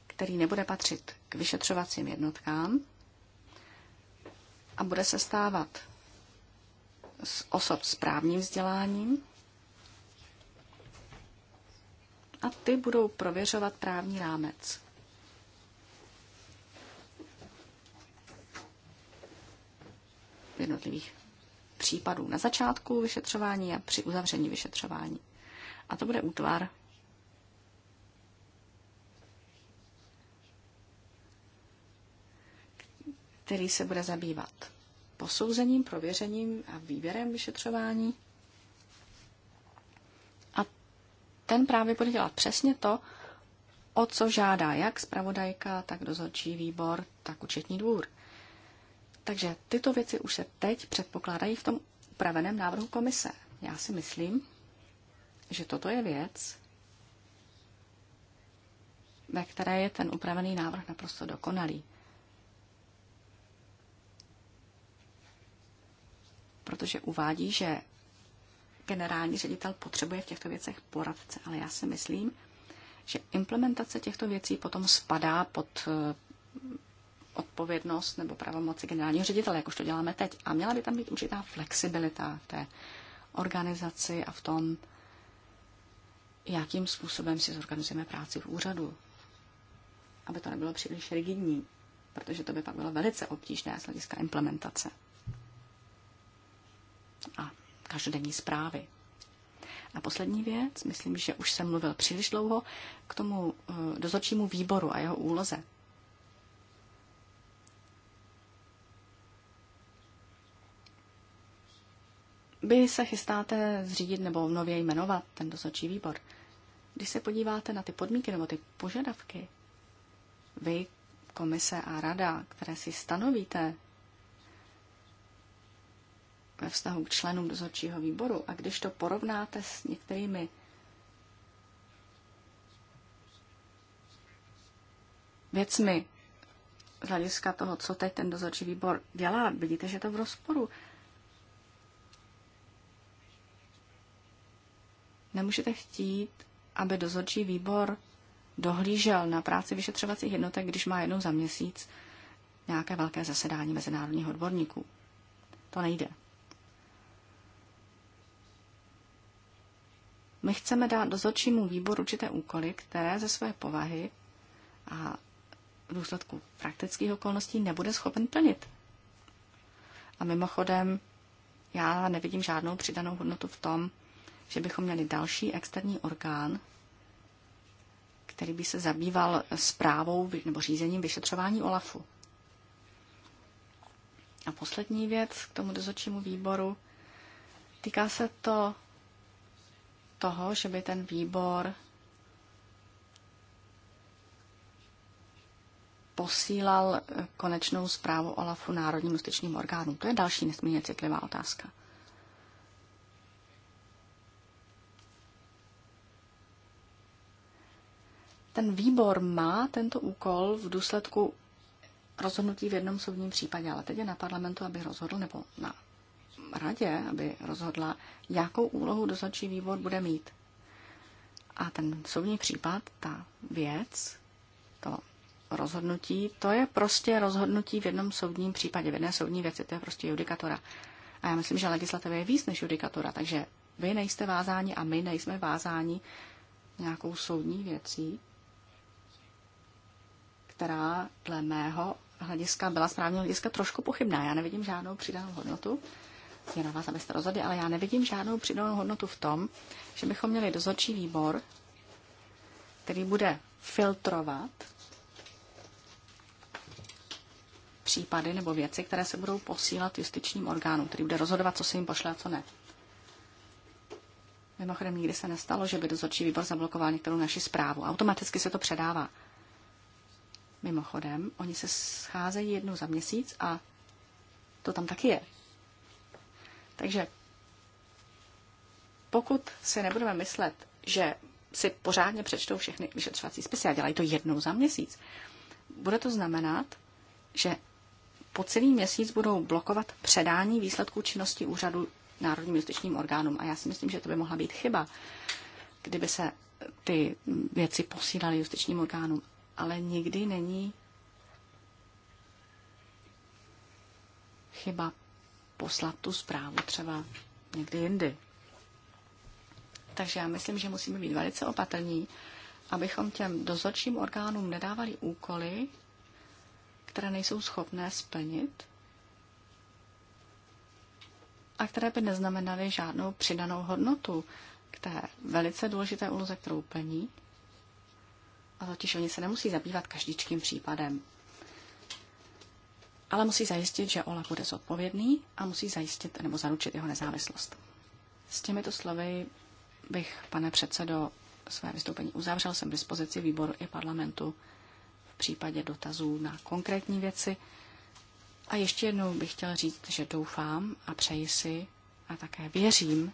který nebude patřit k vyšetřovacím jednotkám a bude se stávat z osob s právním vzděláním a ty budou prověřovat právní rámec. jednotlivých případů na začátku vyšetřování a při uzavření vyšetřování. A to bude útvar, který se bude zabývat posouzením, prověřením a výběrem vyšetřování. A ten právě bude dělat přesně to, o co žádá jak zpravodajka, tak dozorčí výbor, tak účetní dvůr. Takže tyto věci už se teď předpokládají v tom upraveném návrhu komise. Já si myslím, že toto je věc, ve které je ten upravený návrh naprosto dokonalý. Protože uvádí, že generální ředitel potřebuje v těchto věcech poradce, ale já si myslím, že implementace těchto věcí potom spadá pod odpovědnost nebo pravomoci generálního ředitele, jakož to děláme teď. A měla by tam být určitá flexibilita v té organizaci a v tom, jakým způsobem si zorganizujeme práci v úřadu, aby to nebylo příliš rigidní, protože to by pak bylo velice obtížné z hlediska implementace a každodenní zprávy. A poslední věc, myslím, že už jsem mluvil příliš dlouho, k tomu eh, dozorčímu výboru a jeho úloze. Vy se chystáte zřídit nebo nově jmenovat ten dozorčí výbor. Když se podíváte na ty podmínky nebo ty požadavky, vy, komise a rada, které si stanovíte ve vztahu k členům dozorčího výboru, a když to porovnáte s některými věcmi z hlediska toho, co teď ten dozorčí výbor dělá, vidíte, že to v rozporu. Nemůžete chtít, aby dozorčí výbor dohlížel na práci vyšetřovacích jednotek, když má jednou za měsíc nějaké velké zasedání mezinárodních odborníků. To nejde. My chceme dát dozorčímu výboru určité úkoly, které ze své povahy a v důsledku praktických okolností nebude schopen plnit. A mimochodem, já nevidím žádnou přidanou hodnotu v tom, že bychom měli další externí orgán, který by se zabýval zprávou nebo řízením vyšetřování OLAFu. A poslední věc k tomu dozorčímu výboru. Týká se to toho, že by ten výbor posílal konečnou zprávu OLAFu národním justičním orgánům. To je další nesmírně citlivá otázka. Ten výbor má tento úkol v důsledku rozhodnutí v jednom soudním případě, ale teď je na parlamentu, aby rozhodl, nebo na radě, aby rozhodla, jakou úlohu dozorčí výbor bude mít. A ten soudní případ, ta věc, to rozhodnutí, to je prostě rozhodnutí v jednom soudním případě, v jedné soudní věci, to je prostě judikatura. A já myslím, že legislativa je víc než judikatura, takže vy nejste vázáni a my nejsme vázáni nějakou soudní věcí, která dle mého hlediska byla správně hlediska trošku pochybná. Já nevidím žádnou přidanou hodnotu. Je na vás, abyste rozhodli, ale já nevidím žádnou přidanou hodnotu v tom, že bychom měli dozorčí výbor, který bude filtrovat případy nebo věci, které se budou posílat justičním orgánům, který bude rozhodovat, co se jim pošle a co ne. Mimochodem, nikdy se nestalo, že by dozorčí výbor zablokoval některou naši zprávu. Automaticky se to předává. Mimochodem, oni se scházejí jednou za měsíc a to tam taky je. Takže pokud si nebudeme myslet, že si pořádně přečtou všechny vyšetřovací spisy a dělají to jednou za měsíc, bude to znamenat, že po celý měsíc budou blokovat předání výsledků činnosti úřadu národním justičním orgánům. A já si myslím, že to by mohla být chyba, kdyby se ty věci posílaly justičním orgánům ale nikdy není chyba poslat tu zprávu třeba někdy jindy. Takže já myslím, že musíme být velice opatrní, abychom těm dozorčím orgánům nedávali úkoly, které nejsou schopné splnit a které by neznamenaly žádnou přidanou hodnotu k té velice důležité úloze, kterou plní, a totiž oni se nemusí zabývat každičkým případem. Ale musí zajistit, že Olaf bude zodpovědný a musí zajistit nebo zaručit jeho nezávislost. S těmito slovy bych, pane předsedo, své vystoupení uzavřel. Jsem v dispozici výboru i parlamentu v případě dotazů na konkrétní věci. A ještě jednou bych chtěl říct, že doufám a přeji si a také věřím,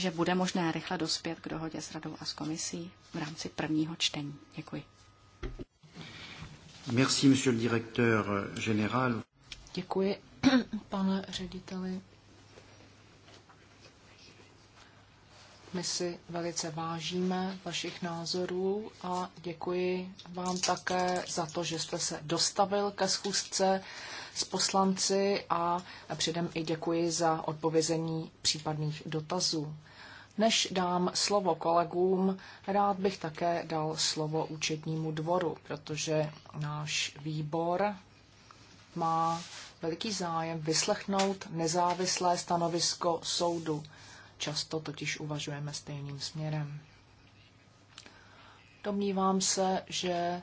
že bude možné rychle dospět k dohodě s radou a s komisí v rámci prvního čtení. Děkuji. Merci, monsieur le directeur général. Děkuji, pane řediteli. My si velice vážíme vašich názorů a děkuji vám také za to, že jste se dostavil ke schůzce s poslanci a předem i děkuji za odpovězení případných dotazů. Než dám slovo kolegům, rád bych také dal slovo účetnímu dvoru, protože náš výbor má veliký zájem vyslechnout nezávislé stanovisko soudu. Často totiž uvažujeme stejným směrem. Domnívám se, že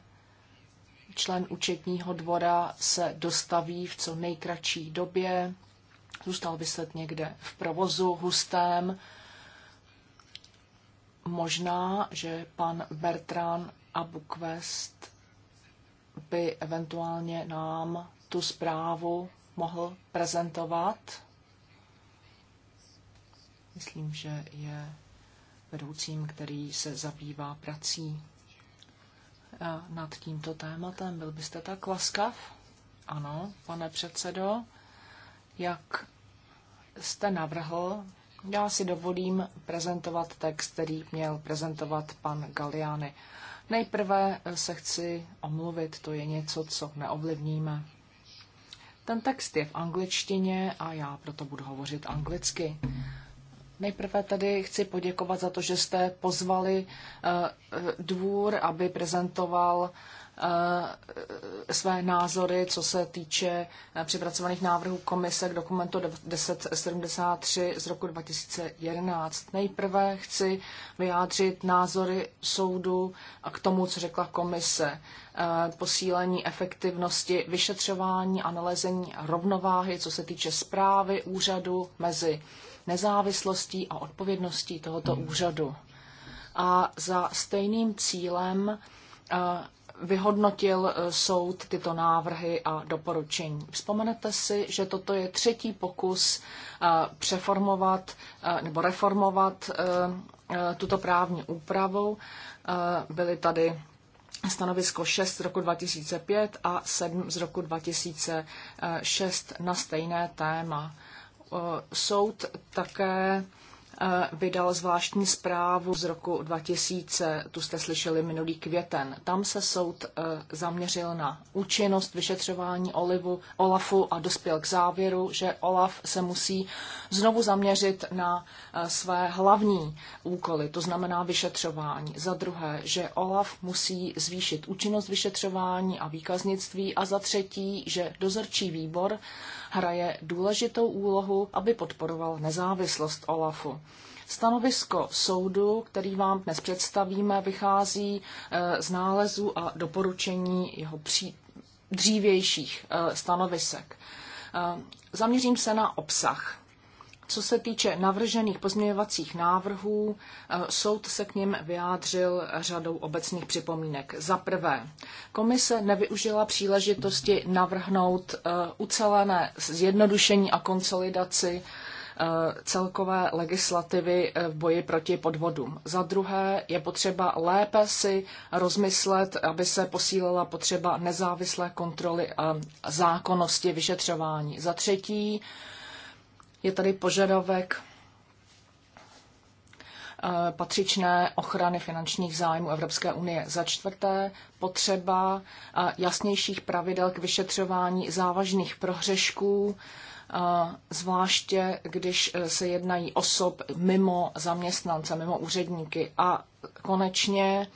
člen účetního dvora se dostaví v co nejkratší době, zůstal vyset někde v provozu hustém. Možná, že pan Bertrand a Bukvest by eventuálně nám tu zprávu mohl prezentovat. Myslím, že je vedoucím, který se zabývá prací nad tímto tématem. Byl byste tak laskav? Ano, pane předsedo. Jak jste navrhl, já si dovolím prezentovat text, který měl prezentovat pan Galiany. Nejprve se chci omluvit, to je něco, co neovlivníme. Ten text je v angličtině a já proto budu hovořit anglicky. Nejprve tedy chci poděkovat za to, že jste pozvali eh, eh, dvůr, aby prezentoval eh, své názory, co se týče přepracovaných návrhů komise k dokumentu 1073 z roku 2011. Nejprve chci vyjádřit názory soudu a k tomu, co řekla komise. Posílení efektivnosti vyšetřování a nalezení rovnováhy, co se týče zprávy úřadu mezi nezávislostí a odpovědností tohoto hmm. úřadu. A za stejným cílem eh, vyhodnotil eh, soud tyto návrhy a doporučení. Vzpomenete si, že toto je třetí pokus eh, přeformovat nebo reformovat tuto právní úpravu. Byly tady stanovisko 6 z roku 2005 a 7 z roku 2006 na stejné téma. Eh, soud také Eh, vydal zvláštní zprávu z roku 2000, tu jste slyšeli minulý květen. Tam se soud eh, zaměřil na účinnost vyšetřování Olivu, Olafu a dospěl k závěru, že Olaf se musí znovu zaměřit na eh, své hlavní úkoly, to znamená vyšetřování. Za druhé, že Olaf musí zvýšit účinnost vyšetřování a výkaznictví a za třetí, že dozorčí výbor hraje důležitou úlohu, aby podporoval nezávislost Olafu. Stanovisko soudu, který vám dnes představíme, vychází eh, z nálezu a doporučení jeho pří, dřívějších eh, stanovisek. Eh, zaměřím se na obsah. Co se týče navržených pozměňovacích návrhů, soud se k ním vyjádřil řadou obecných připomínek. Za prvé, komise nevyužila příležitosti navrhnout ucelené zjednodušení a konsolidaci Eh, celkové legislativy eh, v boji proti podvodům. Za druhé je potřeba lépe si rozmyslet, aby se posílila potřeba nezávislé kontroly a zákonnosti vyšetřování. Za třetí je tady požadavek eh, patřičné ochrany finančních zájmů Evropské unie. Za čtvrté, potřeba jasnějších pravidel k vyšetřování závažných prohřešků zvláště když e, se jednají osob mimo zaměstnance, mimo úředníky. A konečně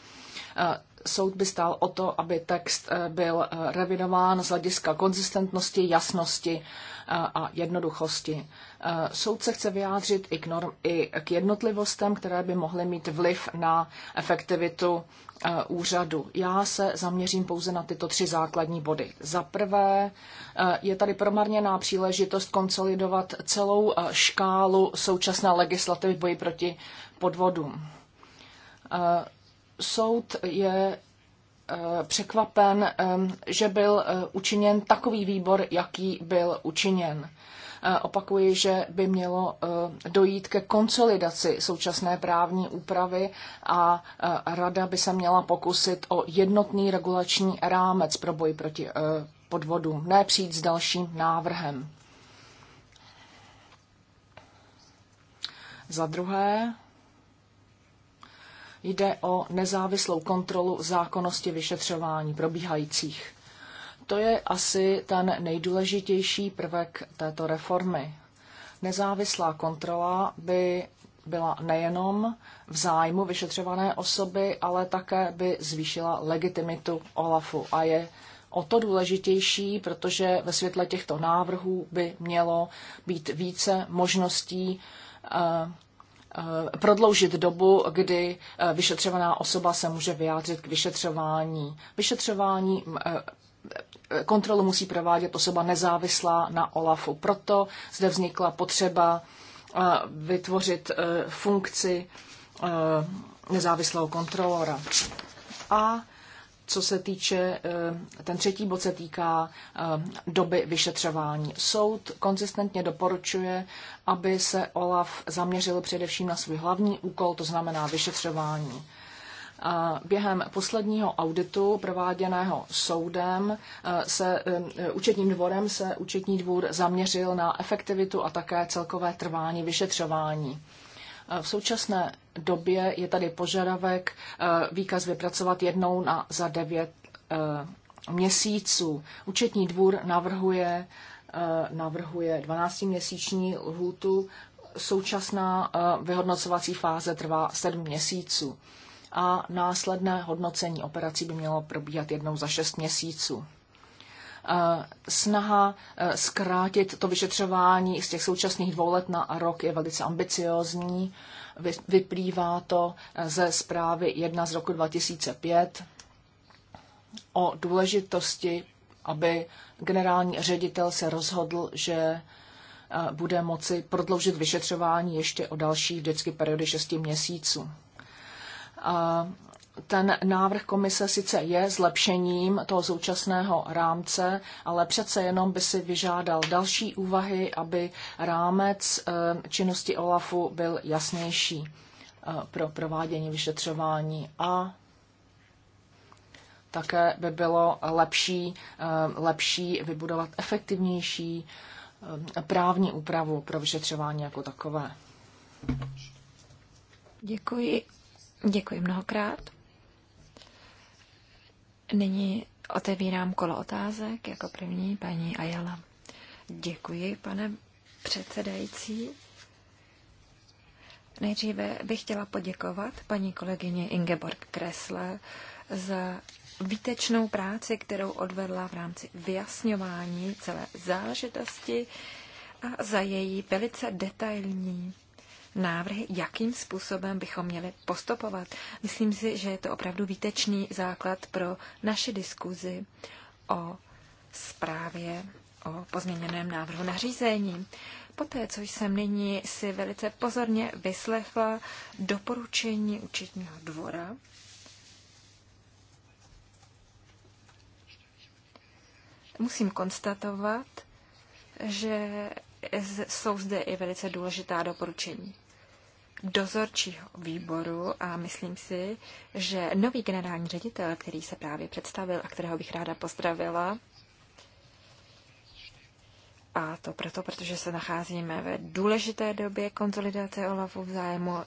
e, soud by stál o to, aby text eh, byl eh, revidován z hlediska konzistentnosti, jasnosti eh, a jednoduchosti. Soud se chce vyjádřit i k, norm, i k jednotlivostem, které by mohly mít vliv na efektivitu úřadu. Já se zaměřím pouze na tyto tři základní body. Za prvé je tady promarněná příležitost konsolidovat celou škálu současné legislativy v boji proti podvodům soud je eh, překvapen, že byl eh, učiněn takový výbor, jaký byl učiněn. Eh, opakuji, že by mělo dojít ke konsolidaci současné právní úpravy a rada by se měla pokusit o jednotný regulační rámec pro boj proti podvodům, ne přijít s dalším návrhem. Za druhé, Jde o nezávislou kontrolu zákonnosti vyšetřování probíhajících. To je asi ten nejdůležitější prvek této reformy. Nezávislá kontrola by byla nejenom v zájmu vyšetřované osoby, ale také by zvýšila legitimitu OLAFu a je o to důležitější, protože ve světle těchto návrhů by mělo být více možností eh, Eh, prodloužit dobu, kdy eh, vyšetřovaná osoba se může vyjádřit k vyšetřování. Vyšetřování eh, kontrolu musí provádět osoba nezávislá na OLAFu. Proto zde vznikla potřeba vytvořit funkci nezávislého kontrolora. A co se týče, eh, ten třetí bod se týká eh, doby vyšetřování. Soud konzistentně doporučuje, aby se OLAF zaměřil především na svůj hlavní úkol, to znamená vyšetřování. Během posledního auditu prováděného soudem eh, se účetním dvorem se účetní dvůr zaměřil na efektivitu a také celkové trvání vyšetřování. V současné době je tady požadavek eh, výkaz vypracovat jednou na, za devět eh, měsíců. Účetní dvůr navrhuje, eh, navrhuje 12-měsíční lhůtu. Současná vyhodnocovací fáze trvá 7 měsíců a následné hodnocení operací by mělo probíhat jednou za 6 měsíců. Eh, snaha eh, zkrátit to vyšetřování z těch současných dvou let na rok je velice ambiciozní. Vyplývá to eh, ze zprávy 1 z roku 2005 o důležitosti, aby generální ředitel se rozhodl, že bude moci prodloužit vyšetřování ještě o další vždycky periody 6 měsíců. A ten návrh komise sice je zlepšením toho současného rámce, ale přece jenom by si vyžádal další úvahy, aby rámec eh, činnosti OLAFu byl jasnější eh, pro provádění vyšetřování a také by bylo lepší, eh, lepší vybudovat efektivnější právní úpravu pro vyšetřování jako takové. Děkuji. Děkuji mnohokrát. Nyní otevírám kolo otázek. Jako první paní Ajala. Děkuji, pane předsedající. Nejdříve bych chtěla poděkovat paní kolegyně Ingeborg Kresle za výtečnou práci, kterou odvedla v rámci vyjasňování celé záležitosti a za její velice detailní návrhy, jakým způsobem bychom měli postupovat. Myslím si, že je to opravdu výtečný základ pro naši diskuzi o zprávě o pozměněném návrhu nařízení. Poté, co jsem nyní si velice pozorně vyslechla doporučení účetního dvora, musím konstatovat, že jsou zde i velice důležitá doporučení dozorčího výboru a myslím si, že nový generální ředitel, který se právě představil a kterého bych ráda pozdravila, a to proto, protože se nacházíme ve důležité době konsolidace OLAFu v zájmu e,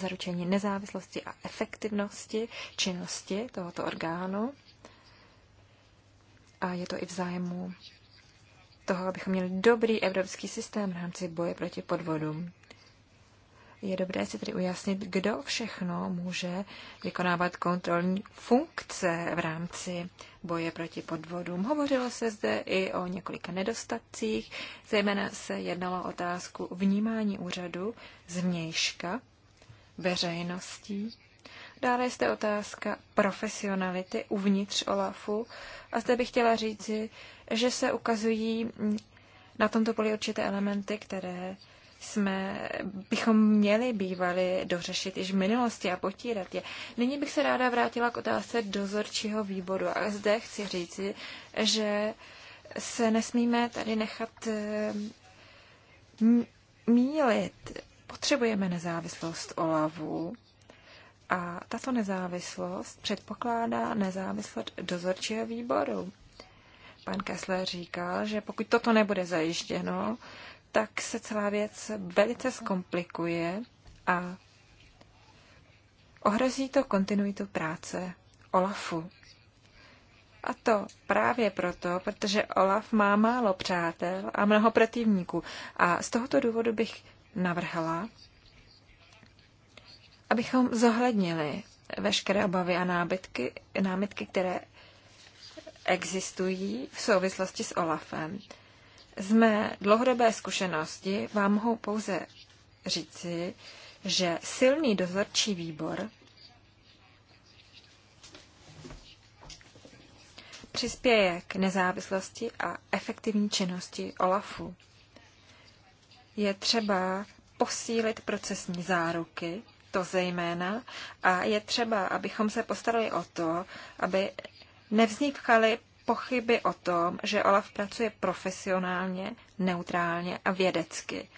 zaručení nezávislosti a efektivnosti činnosti tohoto orgánu. A je to i v zájmu toho, abychom měli dobrý evropský systém v rámci boje proti podvodům. Je dobré si tedy ujasnit, kdo všechno může vykonávat kontrolní funkce v rámci boje proti podvodům. Hovořilo se zde i o několika nedostatcích, zejména se jednalo o otázku vnímání úřadu zvnějška, veřejností, Dále je zde otázka profesionality uvnitř OLAFu. A zde bych chtěla říci, že se ukazují na tomto poli určité elementy, které jsme, bychom měli bývali dořešit již v minulosti a potírat je. Nyní bych se ráda vrátila k otázce dozorčího výboru a zde chci říci, že se nesmíme tady nechat eh, mílit. Potřebujeme nezávislost OLAVu a tato nezávislost předpokládá nezávislost dozorčího výboru. Pan Kessler říkal, že pokud toto nebude zajištěno, tak se celá věc velice zkomplikuje a ohrozí to kontinuitu práce Olafu. A to právě proto, protože Olaf má málo přátel a mnoho protivníků. A z tohoto důvodu bych navrhla, abychom zohlednili veškeré obavy a nábytky, námitky, které existují v souvislosti s Olafem. Z mé dlouhodobé zkušenosti vám mohu pouze říci, že silný dozorčí výbor přispěje k nezávislosti a efektivní činnosti OLAFu. Je třeba posílit procesní záruky, to zejména, a je třeba, abychom se postarali o to, aby nevznikaly pochyby o tom, že Olaf pracuje profesionálně, neutrálně a vědecky.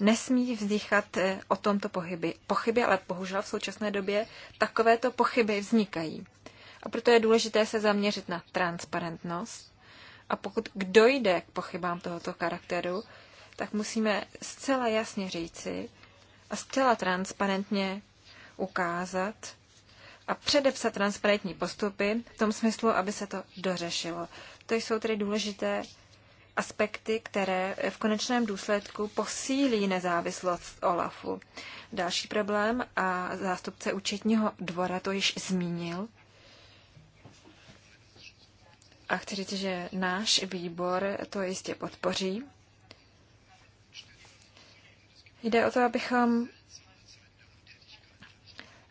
Nesmí vznikat eh, o tomto pochyby. Pochyby, ale bohužel v současné době takovéto pochyby vznikají. A proto je důležité se zaměřit na transparentnost. A pokud kdo jde k pochybám tohoto charakteru, tak musíme zcela jasně říci a zcela transparentně ukázat, a předepsat transparentní postupy v tom smyslu, aby se to dořešilo. To jsou tedy důležité aspekty, které v konečném důsledku posílí nezávislost OLAFu. Další problém, a zástupce účetního dvora to již zmínil, a chci říct, že náš výbor to jistě podpoří. Jde o to, abychom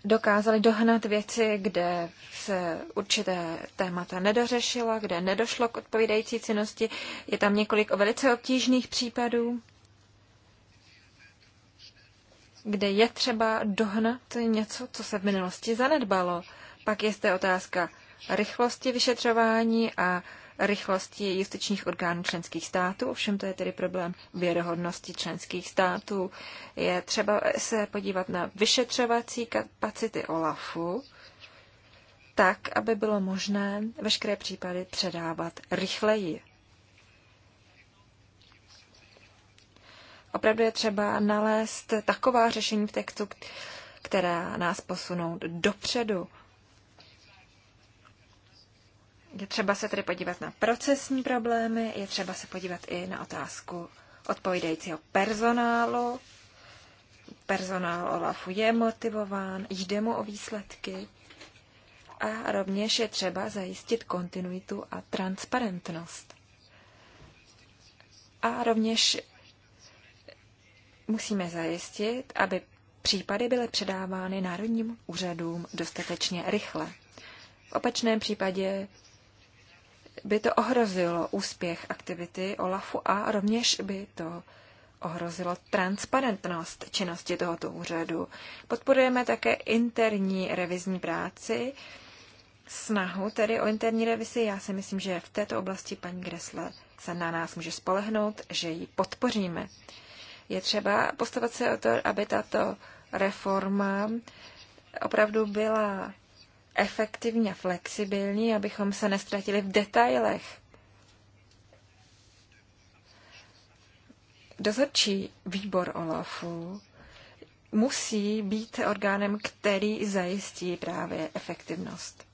dokázali dohnat věci, kde se určité témata nedořešila, kde nedošlo k odpovídající cenosti, Je tam několik velice obtížných případů, kde je třeba dohnat něco, co se v minulosti zanedbalo. Pak je zde otázka rychlosti vyšetřování a rychlosti justičních orgánů členských států, ovšem to je tedy problém věrohodnosti členských států. Je třeba se podívat na vyšetřovací kapacity OLAFu, tak, aby bylo možné veškeré případy předávat rychleji. Opravdu je třeba nalézt taková řešení v textu, která nás posunou dopředu. Je třeba se tedy podívat na procesní problémy, je třeba se podívat i na otázku odpovídajícího personálu. Personál Olafu je motivován, jde mu o výsledky a rovněž je třeba zajistit kontinuitu a transparentnost. A rovněž musíme zajistit, aby případy byly předávány národním úřadům dostatečně rychle. V opačném případě by to ohrozilo úspěch aktivity OLAFu a rovněž by to ohrozilo transparentnost činnosti tohoto úřadu. Podporujeme také interní revizní práci, snahu tedy o interní revizi. Já si myslím, že v této oblasti paní Gresle se na nás může spolehnout, že ji podpoříme. Je třeba postavit se o to, aby tato reforma opravdu byla efektivní a flexibilní, abychom se nestratili v detailech. Dozorčí výbor OLAFu musí být orgánem, který zajistí právě efektivnost.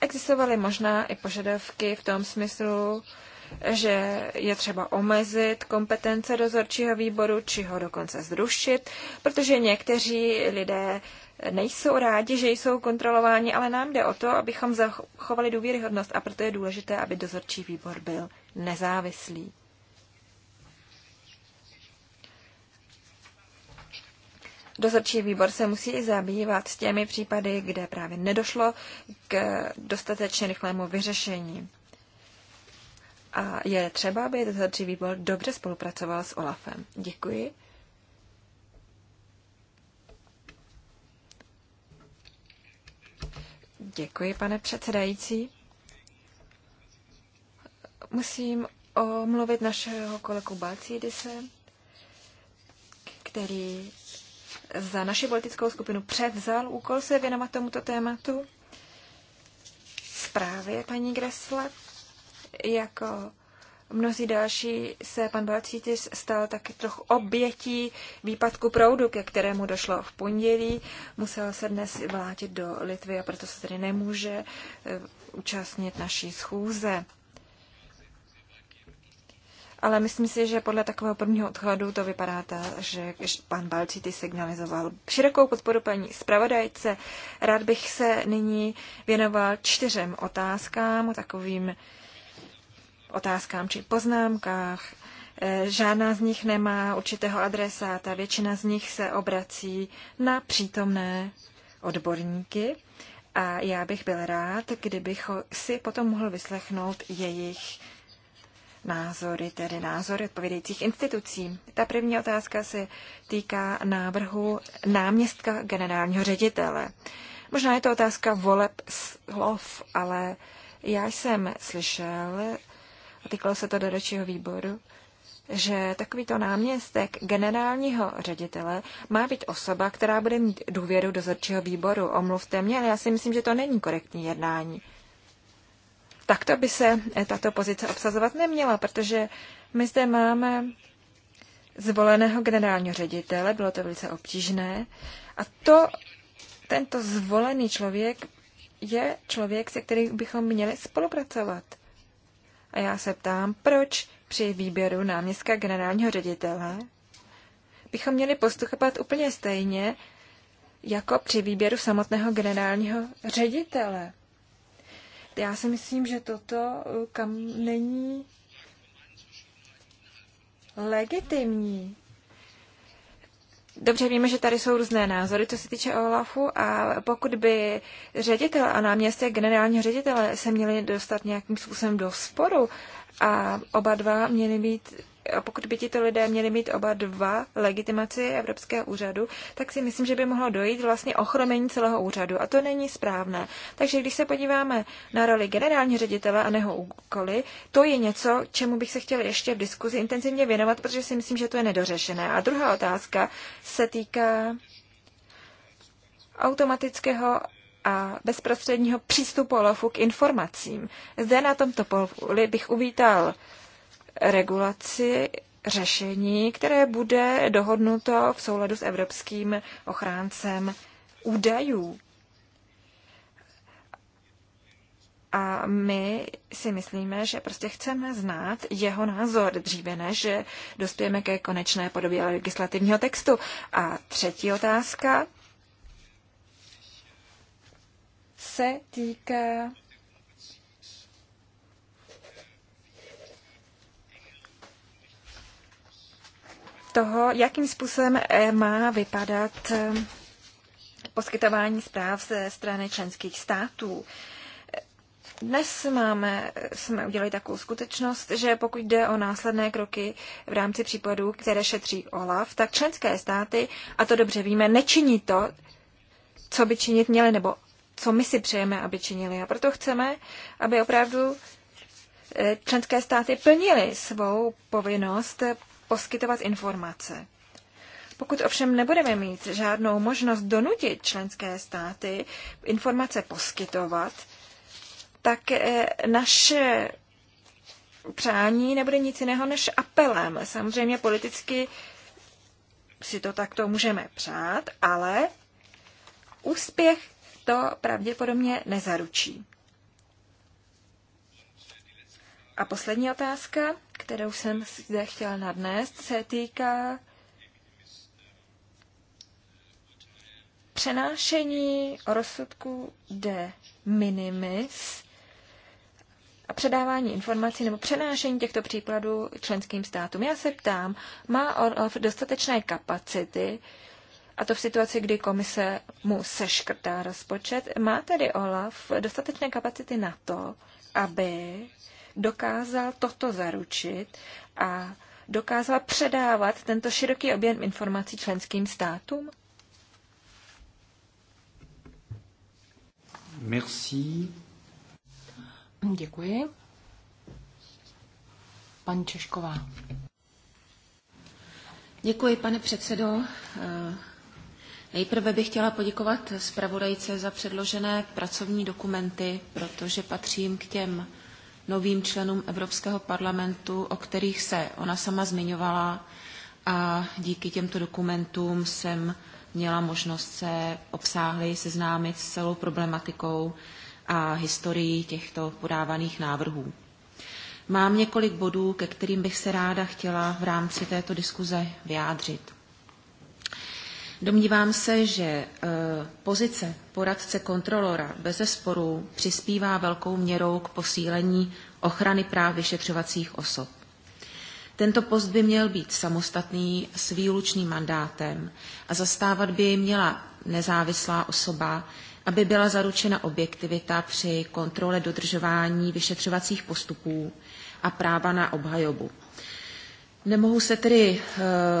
Existovaly možná i požadavky v tom smyslu, že je třeba omezit kompetence dozorčího výboru, či ho dokonce zrušit, protože někteří lidé nejsou rádi, že jsou kontrolováni, ale nám jde o to, abychom zachovali důvěryhodnost a proto je důležité, aby dozorčí výbor byl nezávislý. Dozorčí výbor se musí i zabývat s těmi případy, kde právě nedošlo k dostatečně rychlému vyřešení a je třeba, aby dozorčí výbor dobře spolupracoval s OLAFem. Děkuji. Děkuji, pane předsedající. Musím omluvit našeho kolegu Balcídise, který za naši politickou skupinu převzal úkol se věnovat tomuto tématu. Zprávě paní Gressler jako mnozí další se pan Balcítis stal taky trochu obětí výpadku proudu, ke kterému došlo v pondělí. Musel se dnes vlátit do Litvy a proto se tedy nemůže eh, účastnit naší schůze. Ale myslím si, že podle takového prvního odchodu to vypadá tak, že pan Balčity signalizoval širokou podporu paní zpravodajce. Rád bych se nyní věnoval čtyřem otázkám, takovým otázkám či poznámkách. E, žádná z nich nemá určitého adresáta, většina z nich se obrací na přítomné odborníky a já bych byl rád, kdybych si potom mohl vyslechnout jejich názory, tedy názory odpovědejících institucí. Ta první otázka se týká návrhu náměstka generálního ředitele. Možná je to otázka voleb slov, ale já jsem slyšel a týkalo se to dodačího výboru, že takovýto náměstek generálního ředitele má být osoba, která bude mít důvěru dozorčího výboru. Omluvte mě, ale já si myslím, že to není korektní jednání. Takto by se eh, tato pozice obsazovat neměla, protože my zde máme zvoleného generálního ředitele, bylo to velice obtížné, a to, tento zvolený člověk je člověk, se kterým bychom měli spolupracovat. A já se ptám, proč při výběru náměstka generálního ředitele bychom měli postupovat úplně stejně jako při výběru samotného generálního ředitele. Já si myslím, že toto eh, kam není legitimní. Dobře víme, že tady jsou různé názory, co se týče OLAFu a pokud by ředitel a náměstek generálního ředitele se měli dostat nějakým způsobem do sporu a oba dva měli být a pokud by tito lidé měli mít oba dva legitimaci Evropského úřadu, tak si myslím, že by mohlo dojít vlastně ochromení celého úřadu a to není správné. Takže když se podíváme na roli generálního ředitele a neho úkoly, to je něco, čemu bych se chtěl ještě v diskuzi intenzivně věnovat, protože si myslím, že to je nedořešené. A druhá otázka se týká automatického a bezprostředního přístupu Olofu k informacím. Zde na tomto poli bych uvítal regulaci řešení, které bude dohodnuto v souladu s evropským ochráncem údajů. A my si myslíme, že prostě chceme znát jeho názor dříve, než dospějeme ke konečné podobě legislativního textu. A třetí otázka se týká toho, jakým způsobem eh, má vypadat eh, poskytování zpráv ze strany členských států. Dnes máme, jsme udělali takovou skutečnost, že pokud jde o následné kroky v rámci případů, které šetří OLAF, tak členské státy, a to dobře víme, nečiní to, co by činit měly, nebo co my si přejeme, aby činili. A proto chceme, aby opravdu eh, členské státy plnily svou povinnost poskytovat informace. Pokud ovšem nebudeme mít žádnou možnost donutit členské státy informace poskytovat, tak eh, naše přání nebude nic jiného než apelem. Samozřejmě politicky si to takto můžeme přát, ale úspěch to pravděpodobně nezaručí. A poslední otázka kterou jsem zde chtěl nadnést, se týká přenášení rozsudku de minimis a předávání informací nebo přenášení těchto příkladů členským státům. Já se ptám, má OLAF dostatečné kapacity, a to v situaci, kdy komise mu seškrtá rozpočet, má tedy OLAF dostatečné kapacity na to, aby dokázal toto zaručit a dokázal předávat tento široký objem informací členským státům? Merci. Děkuji. Paní Češková. Děkuji, pane předsedo. Nejprve bych chtěla poděkovat zpravodajce za předložené pracovní dokumenty, protože patřím k těm novým členům Evropského parlamentu, o kterých se ona sama zmiňovala a díky těmto dokumentům jsem měla možnost se obsáhly seznámit s celou problematikou a historií těchto podávaných návrhů. Mám několik bodů, ke kterým bych se ráda chtěla v rámci této diskuze vyjádřit. Domnívám se, že eh, pozice poradce kontrolora bez zesporu přispívá velkou měrou k posílení ochrany práv vyšetřovacích osob. Tento post by měl být samostatný s výlučným mandátem a zastávat by jej měla nezávislá osoba, aby byla zaručena objektivita při kontrole dodržování vyšetřovacích postupů a práva na obhajobu. Nemohu se tedy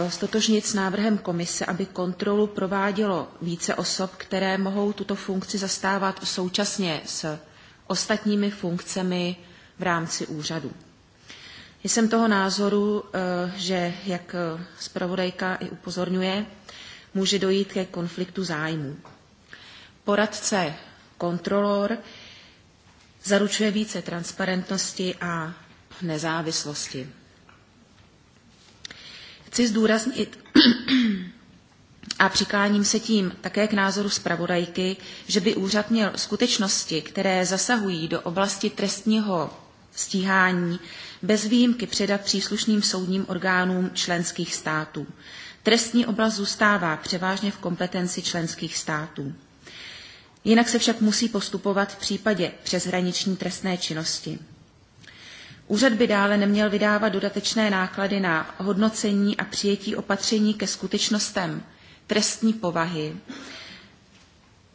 stotožnit eh, s návrhem komise, aby kontrolu provádělo více osob, které mohou tuto funkci zastávat současně s ostatními funkcemi v rámci úřadu. Jsem toho názoru, eh, že, jak eh, zpravodajka i upozorňuje, může dojít ke konfliktu zájmů. Poradce kontrolor zaručuje více transparentnosti a nezávislosti. Chci zdůraznit a přikláním se tím také k názoru zpravodajky, že by úřad měl skutečnosti, které zasahují do oblasti trestního stíhání, bez výjimky předat příslušným soudním orgánům členských států. Trestní oblast zůstává převážně v kompetenci členských států. Jinak se však musí postupovat v případě přeshraniční trestné činnosti. Úřad by dále neměl vydávat dodatečné náklady na hodnocení a přijetí opatření ke skutečnostem trestní povahy,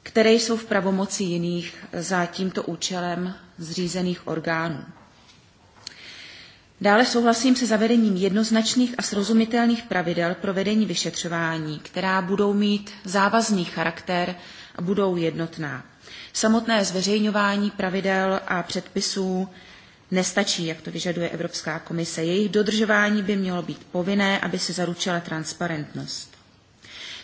které jsou v pravomoci jiných za tímto účelem zřízených orgánů. Dále souhlasím se zavedením jednoznačných a srozumitelných pravidel pro vedení vyšetřování, která budou mít závazný charakter a budou jednotná. Samotné zveřejňování pravidel a předpisů nestačí, jak to vyžaduje Evropská komise. Jejich dodržování by mělo být povinné, aby se zaručila transparentnost.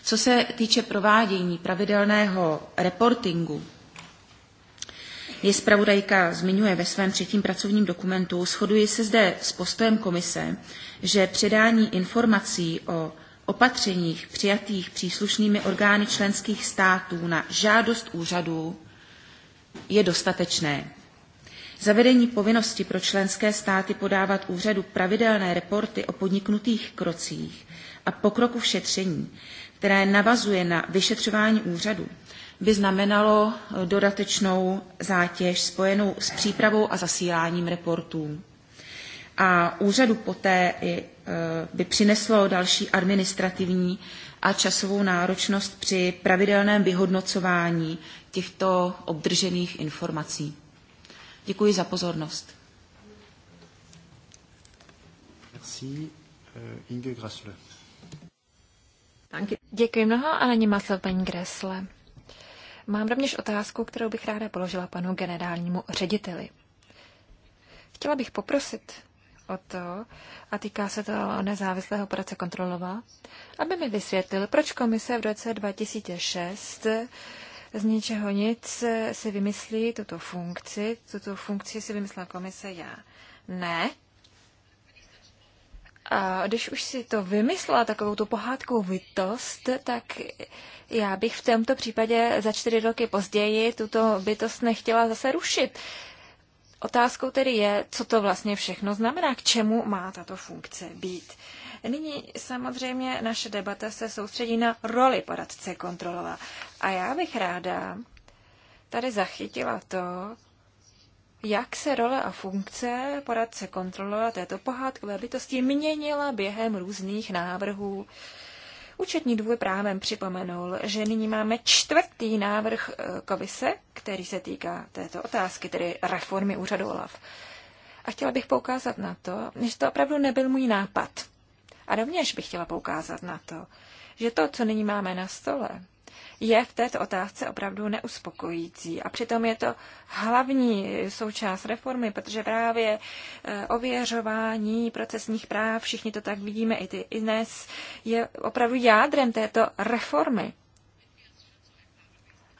Co se týče provádění pravidelného reportingu, je zpravodajka zmiňuje ve svém třetím pracovním dokumentu, shoduji se zde s postojem komise, že předání informací o opatřeních přijatých příslušnými orgány členských států na žádost úřadů je dostatečné. Zavedení povinnosti pro členské státy podávat úřadu pravidelné reporty o podniknutých krocích a pokroku v šetření, které navazuje na vyšetřování úřadu, by znamenalo dodatečnou zátěž spojenou s přípravou a zasíláním reportů. A úřadu poté e, by přineslo další administrativní a časovou náročnost při pravidelném vyhodnocování těchto obdržených informací. Děkuji za pozornost. Merci, euh, Inge Grasle. Děkuji mnoho a nyní má paní Gressle. Mám rovněž otázku, kterou bych ráda položila panu generálnímu řediteli. Chtěla bych poprosit o to, a týká se to nezávislého poradce kontrolova, aby mi vysvětlil, proč komise v roce 2006 z ničeho nic si vymyslí tuto funkci. Tuto funkci si vymyslela komise, já ne. A když už si to vymyslela, takovou tu pohádkou bytost, tak já bych v tomto případě za čtyři roky později tuto bytost nechtěla zase rušit. Otázkou tedy je, co to vlastně všechno znamená, k čemu má tato funkce být. Nyní samozřejmě naše debata se soustředí na roli poradce kontrolova. A já bych ráda tady zachytila to, jak se role a funkce poradce kontrolova této pohádkové bytosti měnila během různých návrhů. Účetní dvůj právem připomenul, že nyní máme čtvrtý návrh eh, komise, který se týká této otázky, tedy reformy úřadu OLAF. A chtěla bych poukázat na to, že to opravdu nebyl můj nápad. A rovněž bych chtěla poukázat na to, že to, co nyní máme na stole, je v této otázce opravdu neuspokojící. A přitom je to hlavní součást reformy, protože právě e, ověřování procesních práv, všichni to tak vidíme, i ty INES, je opravdu jádrem této reformy.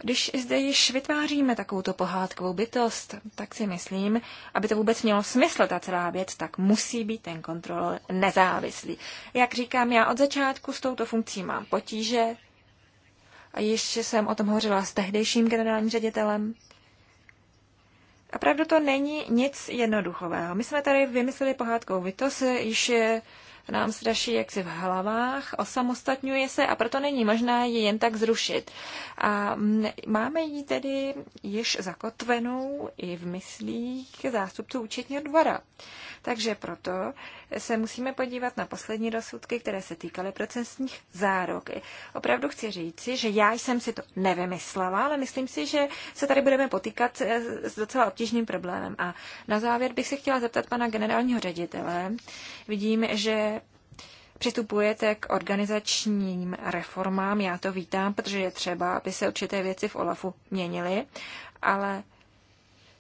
Když zde již vytváříme takovouto pohádkovou bytost, tak si myslím, aby to vůbec mělo smysl, ta celá věc, tak musí být ten kontrol nezávislý. Jak říkám, já od začátku s touto funkcí mám potíže. A ještě jsem o tom hovořila s tehdejším generálním ředitelem. A pravdu to není nic jednoduchového. My jsme tady vymysleli pohádkou bytost, již nám straší jaksi v hlavách, osamostatňuje se a proto není možné ji jen tak zrušit. A máme ji tedy již zakotvenou i v myslích zástupců účetního dvora. Takže proto se musíme podívat na poslední rozsudky, které se týkaly procesních zárok. Opravdu chci říci, že já jsem si to nevymyslela, ale myslím si, že se tady budeme potýkat s docela obtížným problémem. A na závěr bych se chtěla zeptat pana generálního ředitele. Vidím, že přistupujete k organizačním reformám. Já to vítám, protože je třeba, aby se určité věci v OLAFu měnily, ale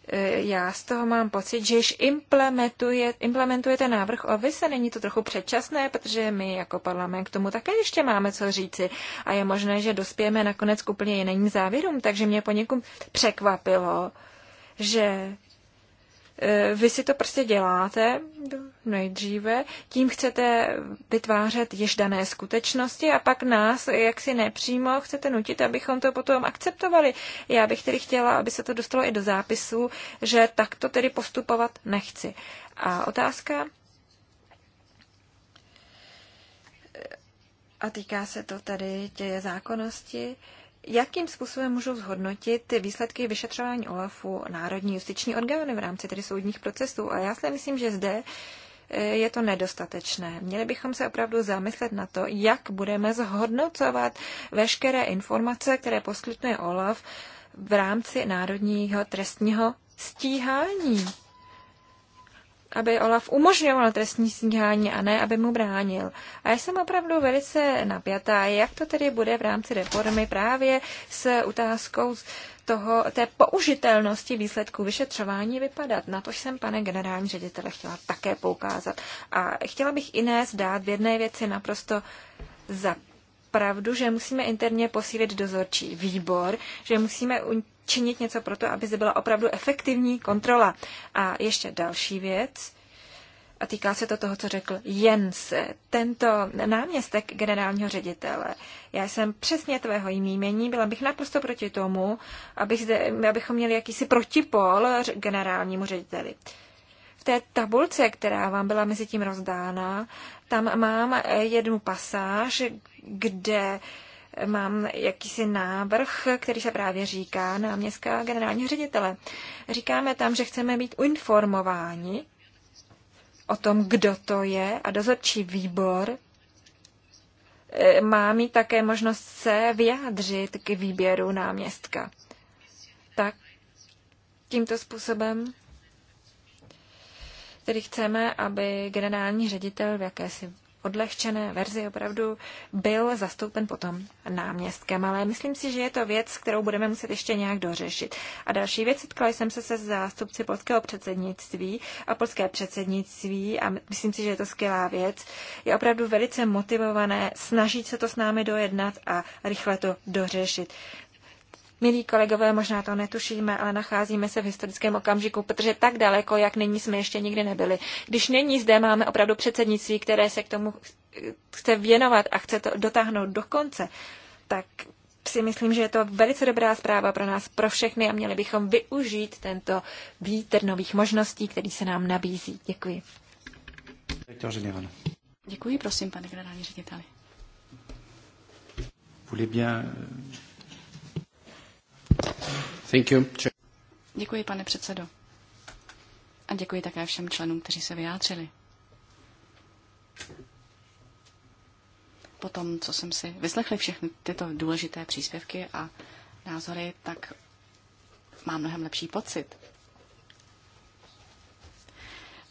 e, já z toho mám pocit, že již implementuje, implementujete návrh o vise. Není to trochu předčasné, protože my jako parlament k tomu také ještě máme co říci. A je možné, že dospějeme nakonec k úplně jiným závěrům. Takže mě poněkud překvapilo, že E, vy si to prostě děláte nejdříve, tím chcete vytvářet již dané skutečnosti a pak nás, jak si nepřímo, chcete nutit, abychom to potom akceptovali. Já bych tedy chtěla, aby se to dostalo i do zápisu, že takto tedy postupovat nechci. A otázka? E, a týká se to tady těje zákonnosti jakým způsobem můžou zhodnotit ty výsledky vyšetřování OLAFu národní justiční orgány v rámci tedy soudních procesů. A já si myslím, že zde eh, je to nedostatečné. Měli bychom se opravdu zamyslet na to, jak budeme zhodnocovat veškeré informace, které poskytne OLAF v rámci národního trestního stíhání aby Olaf umožňoval trestní stíhání a ne, aby mu bránil. A já jsem opravdu velice napjatá, jak to tedy bude v rámci reformy právě s otázkou toho, té použitelnosti výsledků vyšetřování vypadat. Na to jsem, pane generální ředitele, chtěla také poukázat. A chtěla bych Inés dát v jedné věci naprosto za pravdu, že musíme interně posílit dozorčí výbor, že musíme činit něco pro to, aby zde byla opravdu efektivní kontrola. A ještě další věc, a týká se to toho, co řekl Jens, tento náměstek generálního ředitele. Já jsem přesně tvého jmění, byla bych naprosto proti tomu, abych zde, abychom měli jakýsi protipol generálnímu řediteli. V té tabulce, která vám byla mezi tím rozdána, tam mám jednu pasáž, kde mám jakýsi návrh, který se právě říká náměstka generálního ředitele. Říkáme tam, že chceme být informováni o tom, kdo to je a dozorčí výbor eh, má mít také možnost se vyjádřit k výběru náměstka. Tak tímto způsobem tedy chceme, aby generální ředitel v jakési odlehčené verzi opravdu byl zastoupen potom náměstkem, ale myslím si, že je to věc, kterou budeme muset ještě nějak dořešit. A další věc, setkala jsem se se zástupci polského předsednictví a polské předsednictví a myslím si, že je to skvělá věc. Je opravdu velice motivované snažit se to s námi dojednat a rychle to dořešit. Milí kolegové, možná to netušíme, ale nacházíme se v historickém okamžiku, protože tak daleko, jak není, jsme ještě nikdy nebyli. Když není zde, máme opravdu předsednictví, které se k tomu chce věnovat a chce to dotáhnout do konce, tak si myslím, že je to velice dobrá zpráva pro nás, pro všechny a měli bychom využít tento vítr nových možností, který se nám nabízí. Děkuji. Děkuji, prosím, pane generální řediteli. Děkuji, pane předsedo. A děkuji také všem členům, kteří se vyjádřili. Po tom, co jsem si vyslechli všechny tyto důležité příspěvky a názory, tak mám mnohem lepší pocit.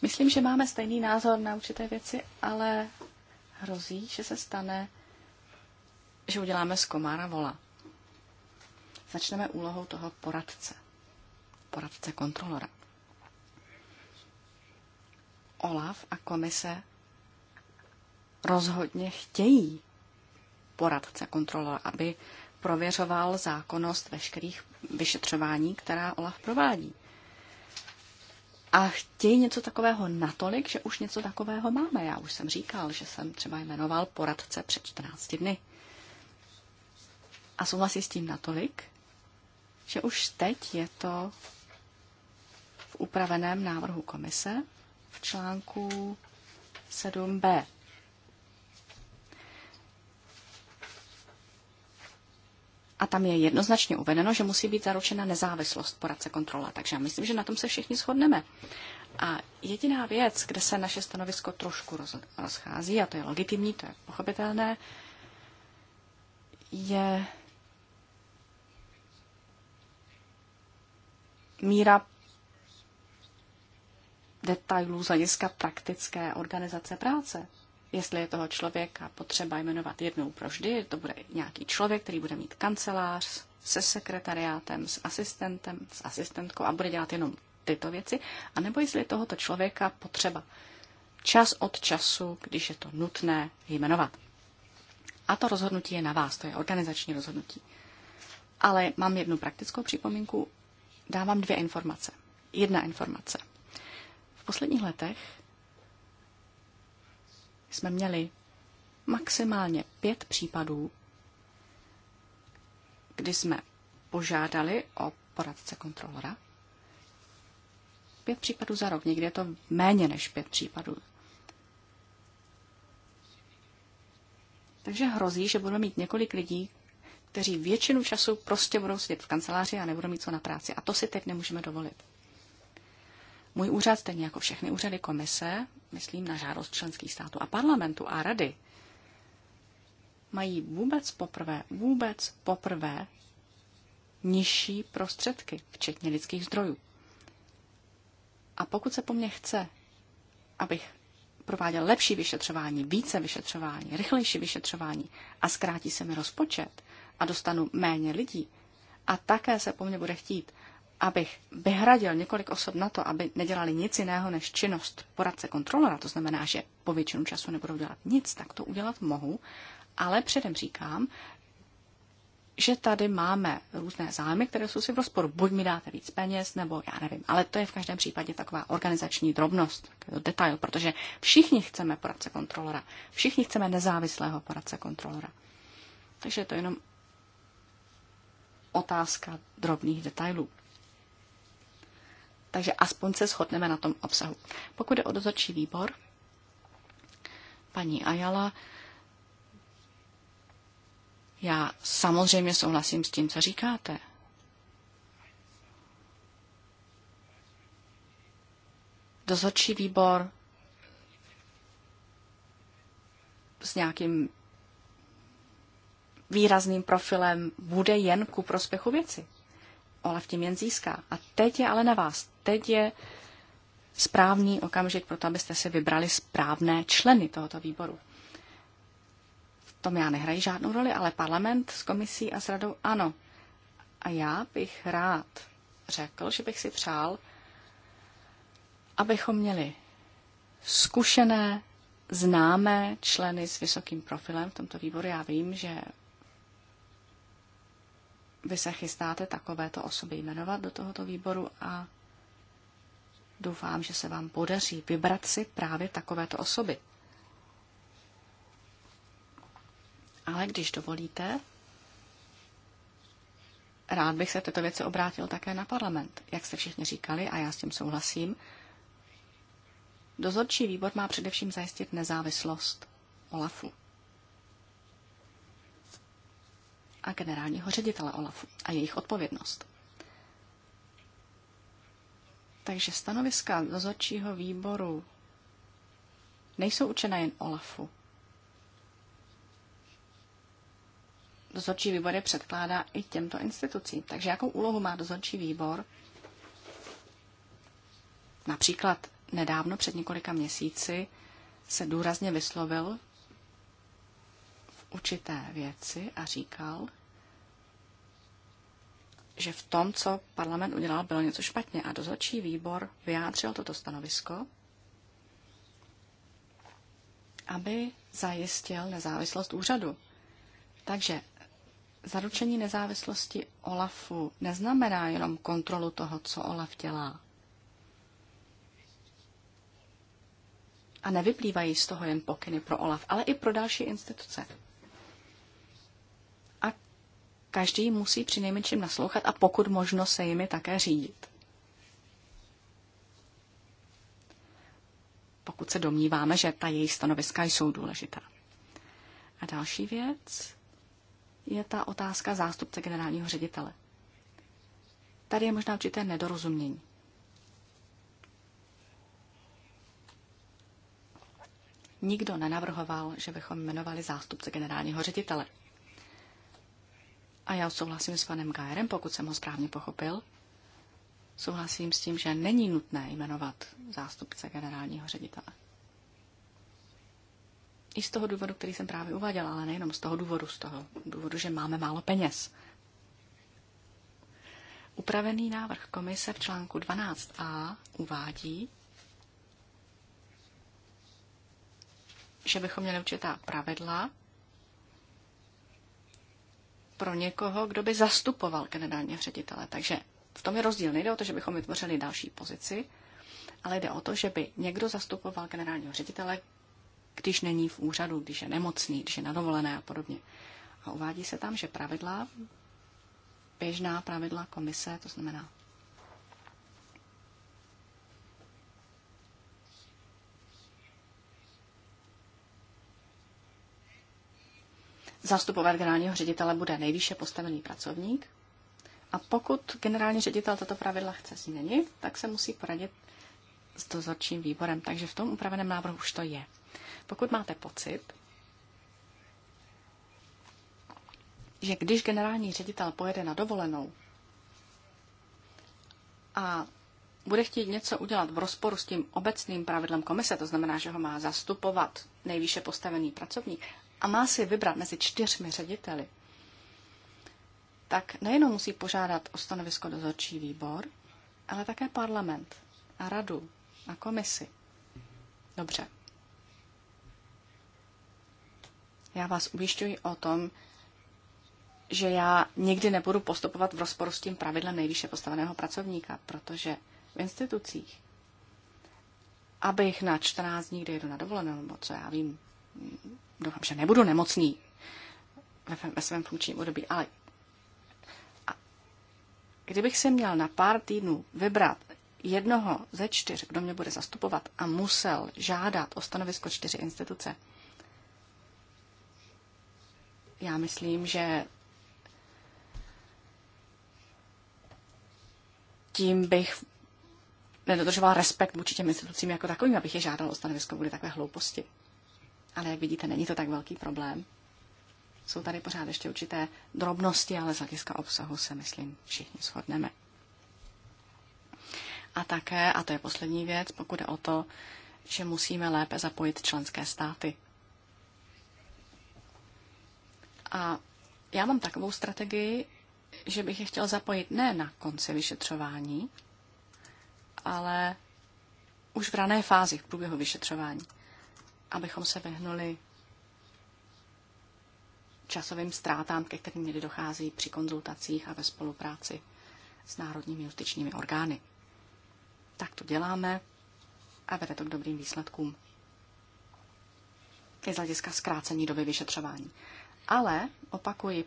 Myslím, že máme stejný názor na určité věci, ale hrozí, že se stane, že uděláme z komára vola. Začneme úlohou toho poradce, poradce kontrolora. Olaf a komise rozhodně chtějí poradce kontrolora, aby prověřoval zákonnost veškerých vyšetřování, která Olaf provádí. A chtějí něco takového natolik, že už něco takového máme. Já už jsem říkal, že jsem třeba jmenoval poradce před 14 dny. A souhlasí s tím natolik, že už teď je to v upraveném návrhu komise v článku 7b. A tam je jednoznačně uvedeno, že musí být zaručena nezávislost poradce kontrola. Takže já myslím, že na tom se všichni shodneme. A jediná věc, kde se naše stanovisko trošku roz, rozchází, a to je legitimní, to je pochopitelné, je míra detailů z hlediska praktické organizace práce. Jestli je toho člověka potřeba jmenovat jednou vždy, to bude nějaký člověk, který bude mít kancelář se sekretariátem, s asistentem, s asistentkou a bude dělat jenom tyto věci, anebo jestli je tohoto člověka potřeba čas od času, když je to nutné jmenovat. A to rozhodnutí je na vás, to je organizační rozhodnutí. Ale mám jednu praktickou připomínku dávám dvě informace. Jedna informace. V posledních letech jsme měli maximálně pět případů, kdy jsme požádali o poradce kontrolora. Pět případů za rok, někdy je to méně než pět případů. Takže hrozí, že budeme mít několik lidí, kteří většinu času prostě budou sedět v kanceláři a nebudou mít co na práci. A to si teď nemůžeme dovolit. Můj úřad, stejně jako všechny úřady komise, myslím na žádost členských států a parlamentu a rady, mají vůbec poprvé, vůbec poprvé nižší prostředky, včetně lidských zdrojů. A pokud se po mně chce, abych prováděl lepší vyšetřování, více vyšetřování, rychlejší vyšetřování a zkrátí se mi rozpočet, a dostanu méně lidí, a také se po mně bude chtít, abych vyhradil několik osob na to, aby nedělali nic jiného než činnost poradce kontrolora, to znamená, že po většinu času nebudou dělat nic, tak to udělat mohu, ale předem říkám, že tady máme různé zájmy, které jsou si v rozporu. Buď mi dáte víc peněz, nebo já nevím. Ale to je v každém případě taková organizační drobnost, detail, protože všichni chceme poradce kontrolora. Všichni chceme nezávislého poradce kontrolora. Takže to je jenom otázka drobných detailů. Takže aspoň se shodneme na tom obsahu. Pokud je o dozorčí výbor, paní Ajala, já samozřejmě souhlasím s tím, co říkáte. Dozorčí výbor s nějakým výrazným profilem bude jen ku prospěchu věci. Olaf tím jen získá. A teď je ale na vás. Teď je správný okamžik pro to, abyste si vybrali správné členy tohoto výboru. V tom já nehrají žádnou roli, ale parlament s komisí a s radou ano. A já bych rád řekl, že bych si přál, abychom měli zkušené, známé členy s vysokým profilem v tomto výboru. Já vím, že vy se chystáte takovéto osoby jmenovat do tohoto výboru a doufám, že se vám podaří vybrat si právě takovéto osoby. Ale když dovolíte, rád bych se této věci obrátil také na parlament. Jak jste všichni říkali, a já s tím souhlasím, dozorčí výbor má především zajistit nezávislost OLAFu. a generálního ředitele OLAFu a jejich odpovědnost. Takže stanoviska dozorčího výboru nejsou učena jen OLAFu. Dozorčí výbor je předkládá i těmto institucím. Takže jakou úlohu má dozorčí výbor? Například nedávno, před několika měsíci, se důrazně vyslovil určité věci a říkal, že v tom, co parlament udělal, bylo něco špatně a dozorčí výbor vyjádřil toto stanovisko, aby zajistil nezávislost úřadu. Takže zaručení nezávislosti OLAFu neznamená jenom kontrolu toho, co OLAF dělá. A nevyplývají z toho jen pokyny pro OLAF, ale i pro další instituce každý musí při nejmenším naslouchat a pokud možno se jimi také řídit. Pokud se domníváme, že ta jejich stanoviska jsou důležitá. A další věc je ta otázka zástupce generálního ředitele. Tady je možná určité nedorozumění. Nikdo nenavrhoval, že bychom jmenovali zástupce generálního ředitele. A já souhlasím s panem Gajerem, pokud jsem ho správně pochopil. Souhlasím s tím, že není nutné jmenovat zástupce generálního ředitele. I z toho důvodu, který jsem právě uváděla, ale nejenom z toho důvodu, z toho důvodu, že máme málo peněz. Upravený návrh komise v článku 12a uvádí, že bychom měli určitá pravidla pro někoho, kdo by zastupoval generálního ředitele. Takže v tom je rozdíl. Nejde o to, že bychom vytvořili další pozici, ale jde o to, že by někdo zastupoval generálního ředitele, když není v úřadu, když je nemocný, když je na dovolené a podobně. A uvádí se tam, že pravidla, běžná pravidla komise, to znamená zastupovat generálního ředitele bude nejvýše postavený pracovník. A pokud generální ředitel tato pravidla chce změnit, tak se musí poradit s dozorčím výborem. Takže v tom upraveném návrhu už to je. Pokud máte pocit, že když generální ředitel pojede na dovolenou a bude chtít něco udělat v rozporu s tím obecným pravidlem komise, to znamená, že ho má zastupovat nejvýše postavený pracovník, a má si vybrat mezi čtyřmi řediteli, tak nejenom musí požádat o stanovisko dozorčí výbor, ale také parlament a radu a komisi. Dobře. Já vás ujišťuji o tom, že já nikdy nebudu postupovat v rozporu s tím pravidlem nejvýše postaveného pracovníka, protože v institucích, abych na 14 dní, kde jedu na dovolenou, nebo co já vím, doufám, že nebudu nemocný ve, ve svém funkčním období, ale a kdybych si měl na pár týdnů vybrat jednoho ze čtyř, kdo mě bude zastupovat a musel žádat o stanovisko čtyři instituce, já myslím, že tím bych nedodržoval respekt vůči těm institucím jako takovým, abych je žádal o stanovisko kvůli takové hlouposti. Ale jak vidíte, není to tak velký problém. Jsou tady pořád ještě určité drobnosti, ale z hlediska obsahu se, myslím, všichni shodneme. A také, a to je poslední věc, pokud je o to, že musíme lépe zapojit členské státy. A já mám takovou strategii, že bych je chtěl zapojit ne na konci vyšetřování, ale už v rané fázi, v průběhu vyšetřování abychom se vyhnuli časovým ztrátám, ke kterým někdy dochází při konzultacích a ve spolupráci s národními justičními orgány. Tak to děláme a vede to k dobrým výsledkům. I z hlediska zkrácení doby vyšetřování. Ale, opakuji,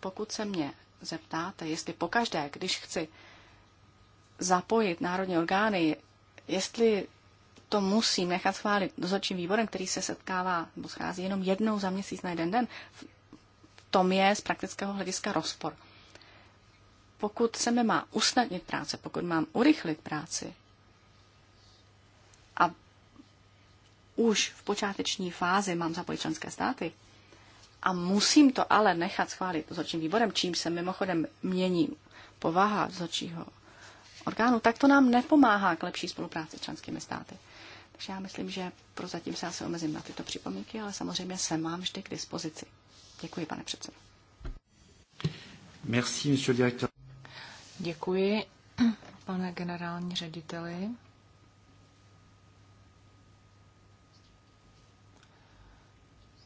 pokud se mě zeptáte, jestli pokaždé, když chci zapojit národní orgány, jestli to musím nechat schválit dozorčím výborem, který se setkává nebo schází jenom jednou za měsíc na jeden den, v tom je z praktického hlediska rozpor. Pokud se mi má usnadnit práce, pokud mám urychlit práci a už v počáteční fázi mám zapojit členské státy, a musím to ale nechat schválit dozorčím výborem, čím se mimochodem mění povaha dozorčího orgánu, tak to nám nepomáhá k lepší spolupráci s členskými státy. Takže já myslím, že prozatím se asi omezím na tyto připomínky, ale samozřejmě jsem mám vždy k dispozici. Děkuji, pane předsedo. Merci, monsieur directeur. Děkuji, pane generální řediteli.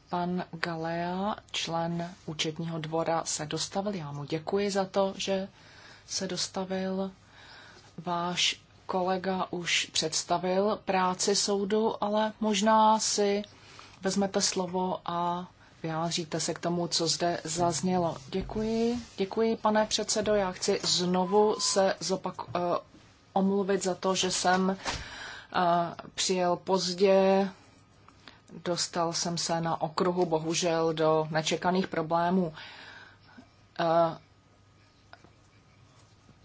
Pan Galea, člen účetního dvora, se dostavil. Já mu děkuji za to, že se dostavil. Váš kolega už představil práci soudu, ale možná si vezmete slovo a vyjádříte se k tomu, co zde zaznělo. Děkuji, děkuji, pane předsedo. Já chci znovu se zopak uh, omluvit za to, že jsem uh, přijel pozdě. Dostal jsem se na okruhu bohužel do nečekaných problémů. Uh,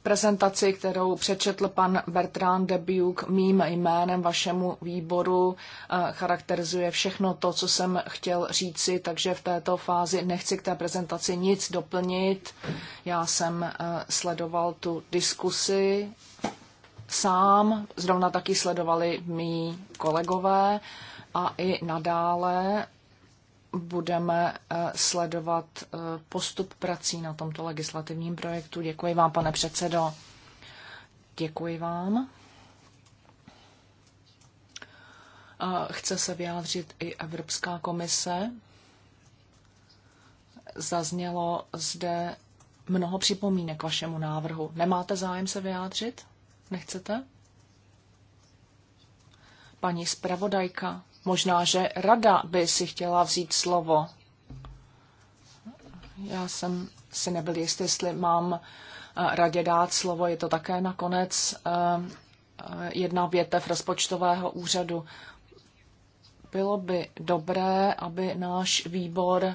prezentaci, kterou přečetl pan Bertrand de Buc mým jménem vašemu výboru, eh, charakterizuje všechno to, co jsem chtěl říci, takže v této fázi nechci k té prezentaci nic doplnit. Já jsem eh, sledoval tu diskusi sám, zrovna taky sledovali mý kolegové a i nadále budeme eh, sledovat eh, postup prací na tomto legislativním projektu. Děkuji vám, pane předsedo. Děkuji vám. Eh, chce se vyjádřit i Evropská komise. Zaznělo zde mnoho připomínek k vašemu návrhu. Nemáte zájem se vyjádřit? Nechcete? Paní zpravodajka, Možná, že rada by si chtěla vzít slovo. Já jsem si nebyl jist, jestli mám eh, radě dát slovo. Je to také nakonec eh, eh, jedna větev rozpočtového úřadu. Bylo by dobré, aby náš výbor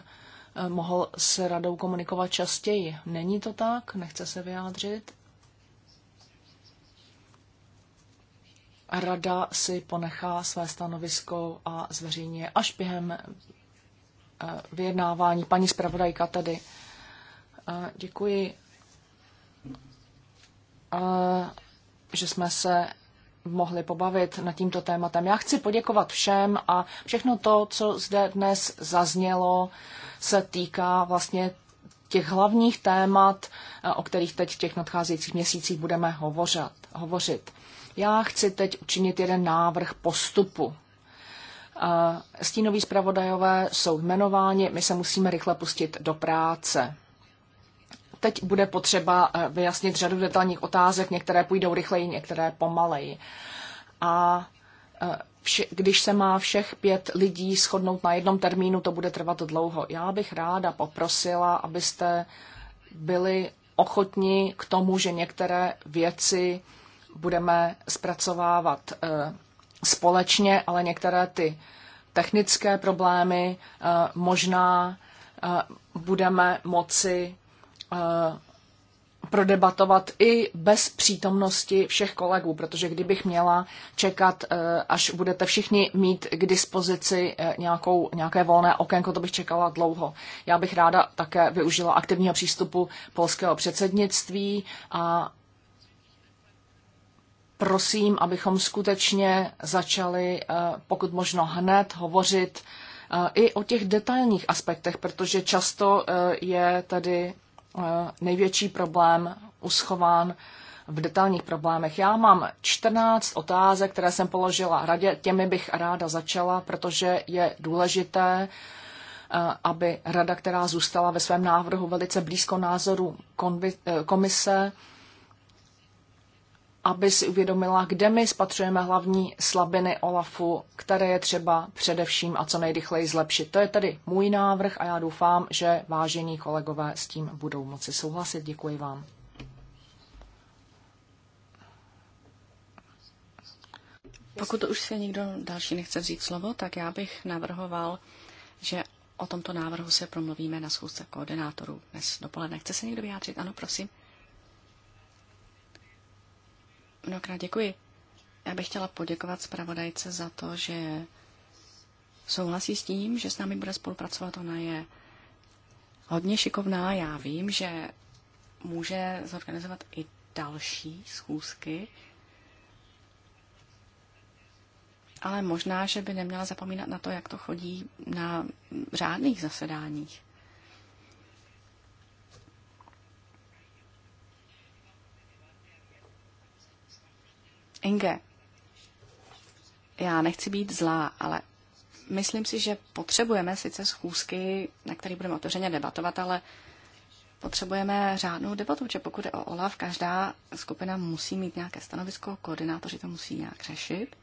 mohl s radou komunikovat častěji. Není to tak? Nechce se vyjádřit? Rada si ponechá své stanovisko a zveřejní až během eh, vyjednávání. Paní zpravodajka tady. Eh, děkuji, eh, že jsme se mohli pobavit nad tímto tématem. Já chci poděkovat všem a všechno to, co zde dnes zaznělo, se týká vlastně těch hlavních témat, o kterých teď v těch nadcházejících měsících budeme hovořit. Já chci teď učinit jeden návrh postupu. Stínoví zpravodajové jsou jmenováni, my se musíme rychle pustit do práce. Teď bude potřeba eh, vyjasnit řadu detailních otázek, některé půjdou rychleji, některé pomaleji. A eh, když se má všech pět lidí shodnout na jednom termínu, to bude trvat dlouho. Já bych ráda poprosila, abyste byli ochotni k tomu, že některé věci budeme zpracovávat eh, společně, ale některé ty technické problémy eh, možná eh, budeme moci prodebatovat i bez přítomnosti všech kolegů, protože kdybych měla čekat, až budete všichni mít k dispozici nějakou, nějaké volné okénko, to bych čekala dlouho. Já bych ráda také využila aktivního přístupu polského předsednictví a prosím, abychom skutečně začali eh, pokud možno hned hovořit eh, i o těch detailních aspektech, protože často eh, je tady největší problém uschován v detailních problémech. Já mám 14 otázek, které jsem položila radě, těmi bych ráda začala, protože je důležité, aby rada, která zůstala ve svém návrhu velice blízko názoru komise, aby si uvědomila, kde my spatřujeme hlavní slabiny OLAFu, které je třeba především a co nejrychleji zlepšit. To je tedy můj návrh a já doufám, že vážení kolegové s tím budou moci souhlasit. Děkuji vám. Pokud už se nikdo další nechce vzít slovo, tak já bych navrhoval, že o tomto návrhu se promluvíme na schůzce koordinátorů dnes dopoledne. Chce se někdo vyjádřit? Ano, prosím. Mnohokrát děkuji. Já bych chtěla poděkovat zpravodajce za to, že souhlasí s tím, že s námi bude spolupracovat. Ona je hodně šikovná. Já vím, že může zorganizovat i další schůzky, ale možná, že by neměla zapomínat na to, jak to chodí na řádných zasedáních. Inge, já nechci být zlá, ale myslím si, že potřebujeme sice schůzky, na které budeme otevřeně debatovat, ale potřebujeme řádnou debatu, že pokud je o OLAF, každá skupina musí mít nějaké stanovisko, koordinátoři to musí nějak řešit.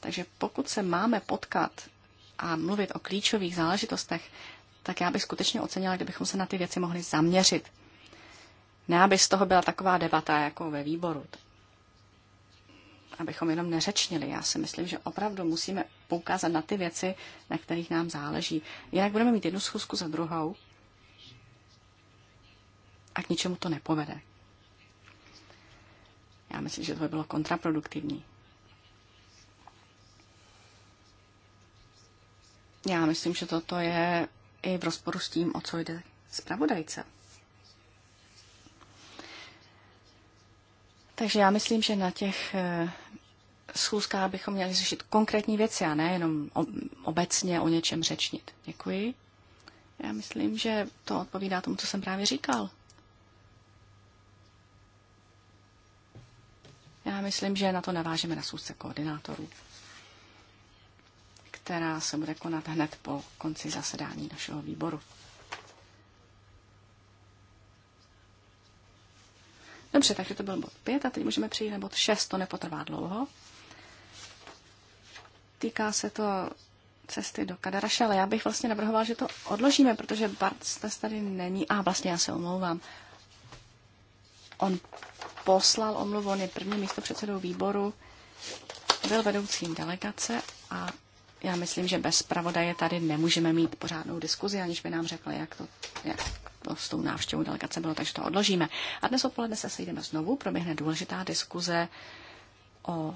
Takže pokud se máme potkat a mluvit o klíčových záležitostech, tak já bych skutečně ocenila, kdybychom se na ty věci mohli zaměřit. Ne, aby z toho byla taková debata jako ve výboru abychom jenom neřečnili. Já si myslím, že opravdu musíme poukázat na ty věci, na kterých nám záleží. Jinak budeme mít jednu schůzku za druhou a k ničemu to nepovede. Já myslím, že to by bylo kontraproduktivní. Já myslím, že toto je i v rozporu s tím, o co jde zpravodajce. Takže já myslím, že na těch eh, schůzkách bychom měli řešit konkrétní věci a ne jenom obecně o něčem řečnit. Děkuji. Já myslím, že to odpovídá tomu, co jsem právě říkal. Já myslím, že na to navážeme na schůzce koordinátorů, která se bude konat hned po konci zasedání našeho výboru. Dobře, takže to byl bod 5 a teď můžeme přijít na bod 6, to nepotrvá dlouho. Týká se to cesty do Kadaraše, ale já bych vlastně navrhoval, že to odložíme, protože Bart tady není. A vlastně já se omlouvám. On poslal omluvu, on je první místo předsedou výboru, byl vedoucím delegace a já myslím, že bez pravodaje tady nemůžeme mít pořádnou diskuzi, aniž by nám řekla, jak to, jak s tou návštěvou delegace bylo, takže to odložíme. A dnes odpoledne se sejdeme znovu, proběhne důležitá diskuze o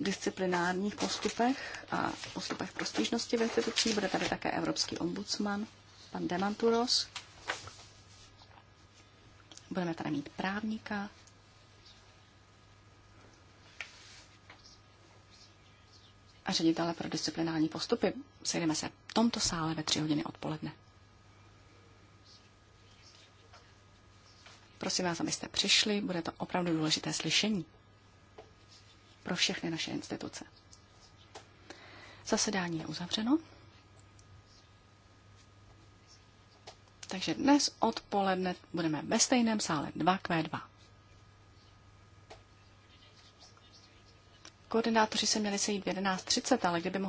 disciplinárních postupech a postupech pro stížnosti v institucích. Bude tady také evropský ombudsman, pan Demanturos. Budeme tady mít právníka. A ředitele pro disciplinární postupy. Sejdeme se v tomto sále ve tři hodiny odpoledne. Prosím vás, abyste přišli, bude to opravdu důležité slyšení pro všechny naše instituce. Zasedání je uzavřeno. Takže dnes odpoledne budeme ve stejném sále 2Q2. Koordinátoři se měli sejít v 11.30, ale kdyby mohli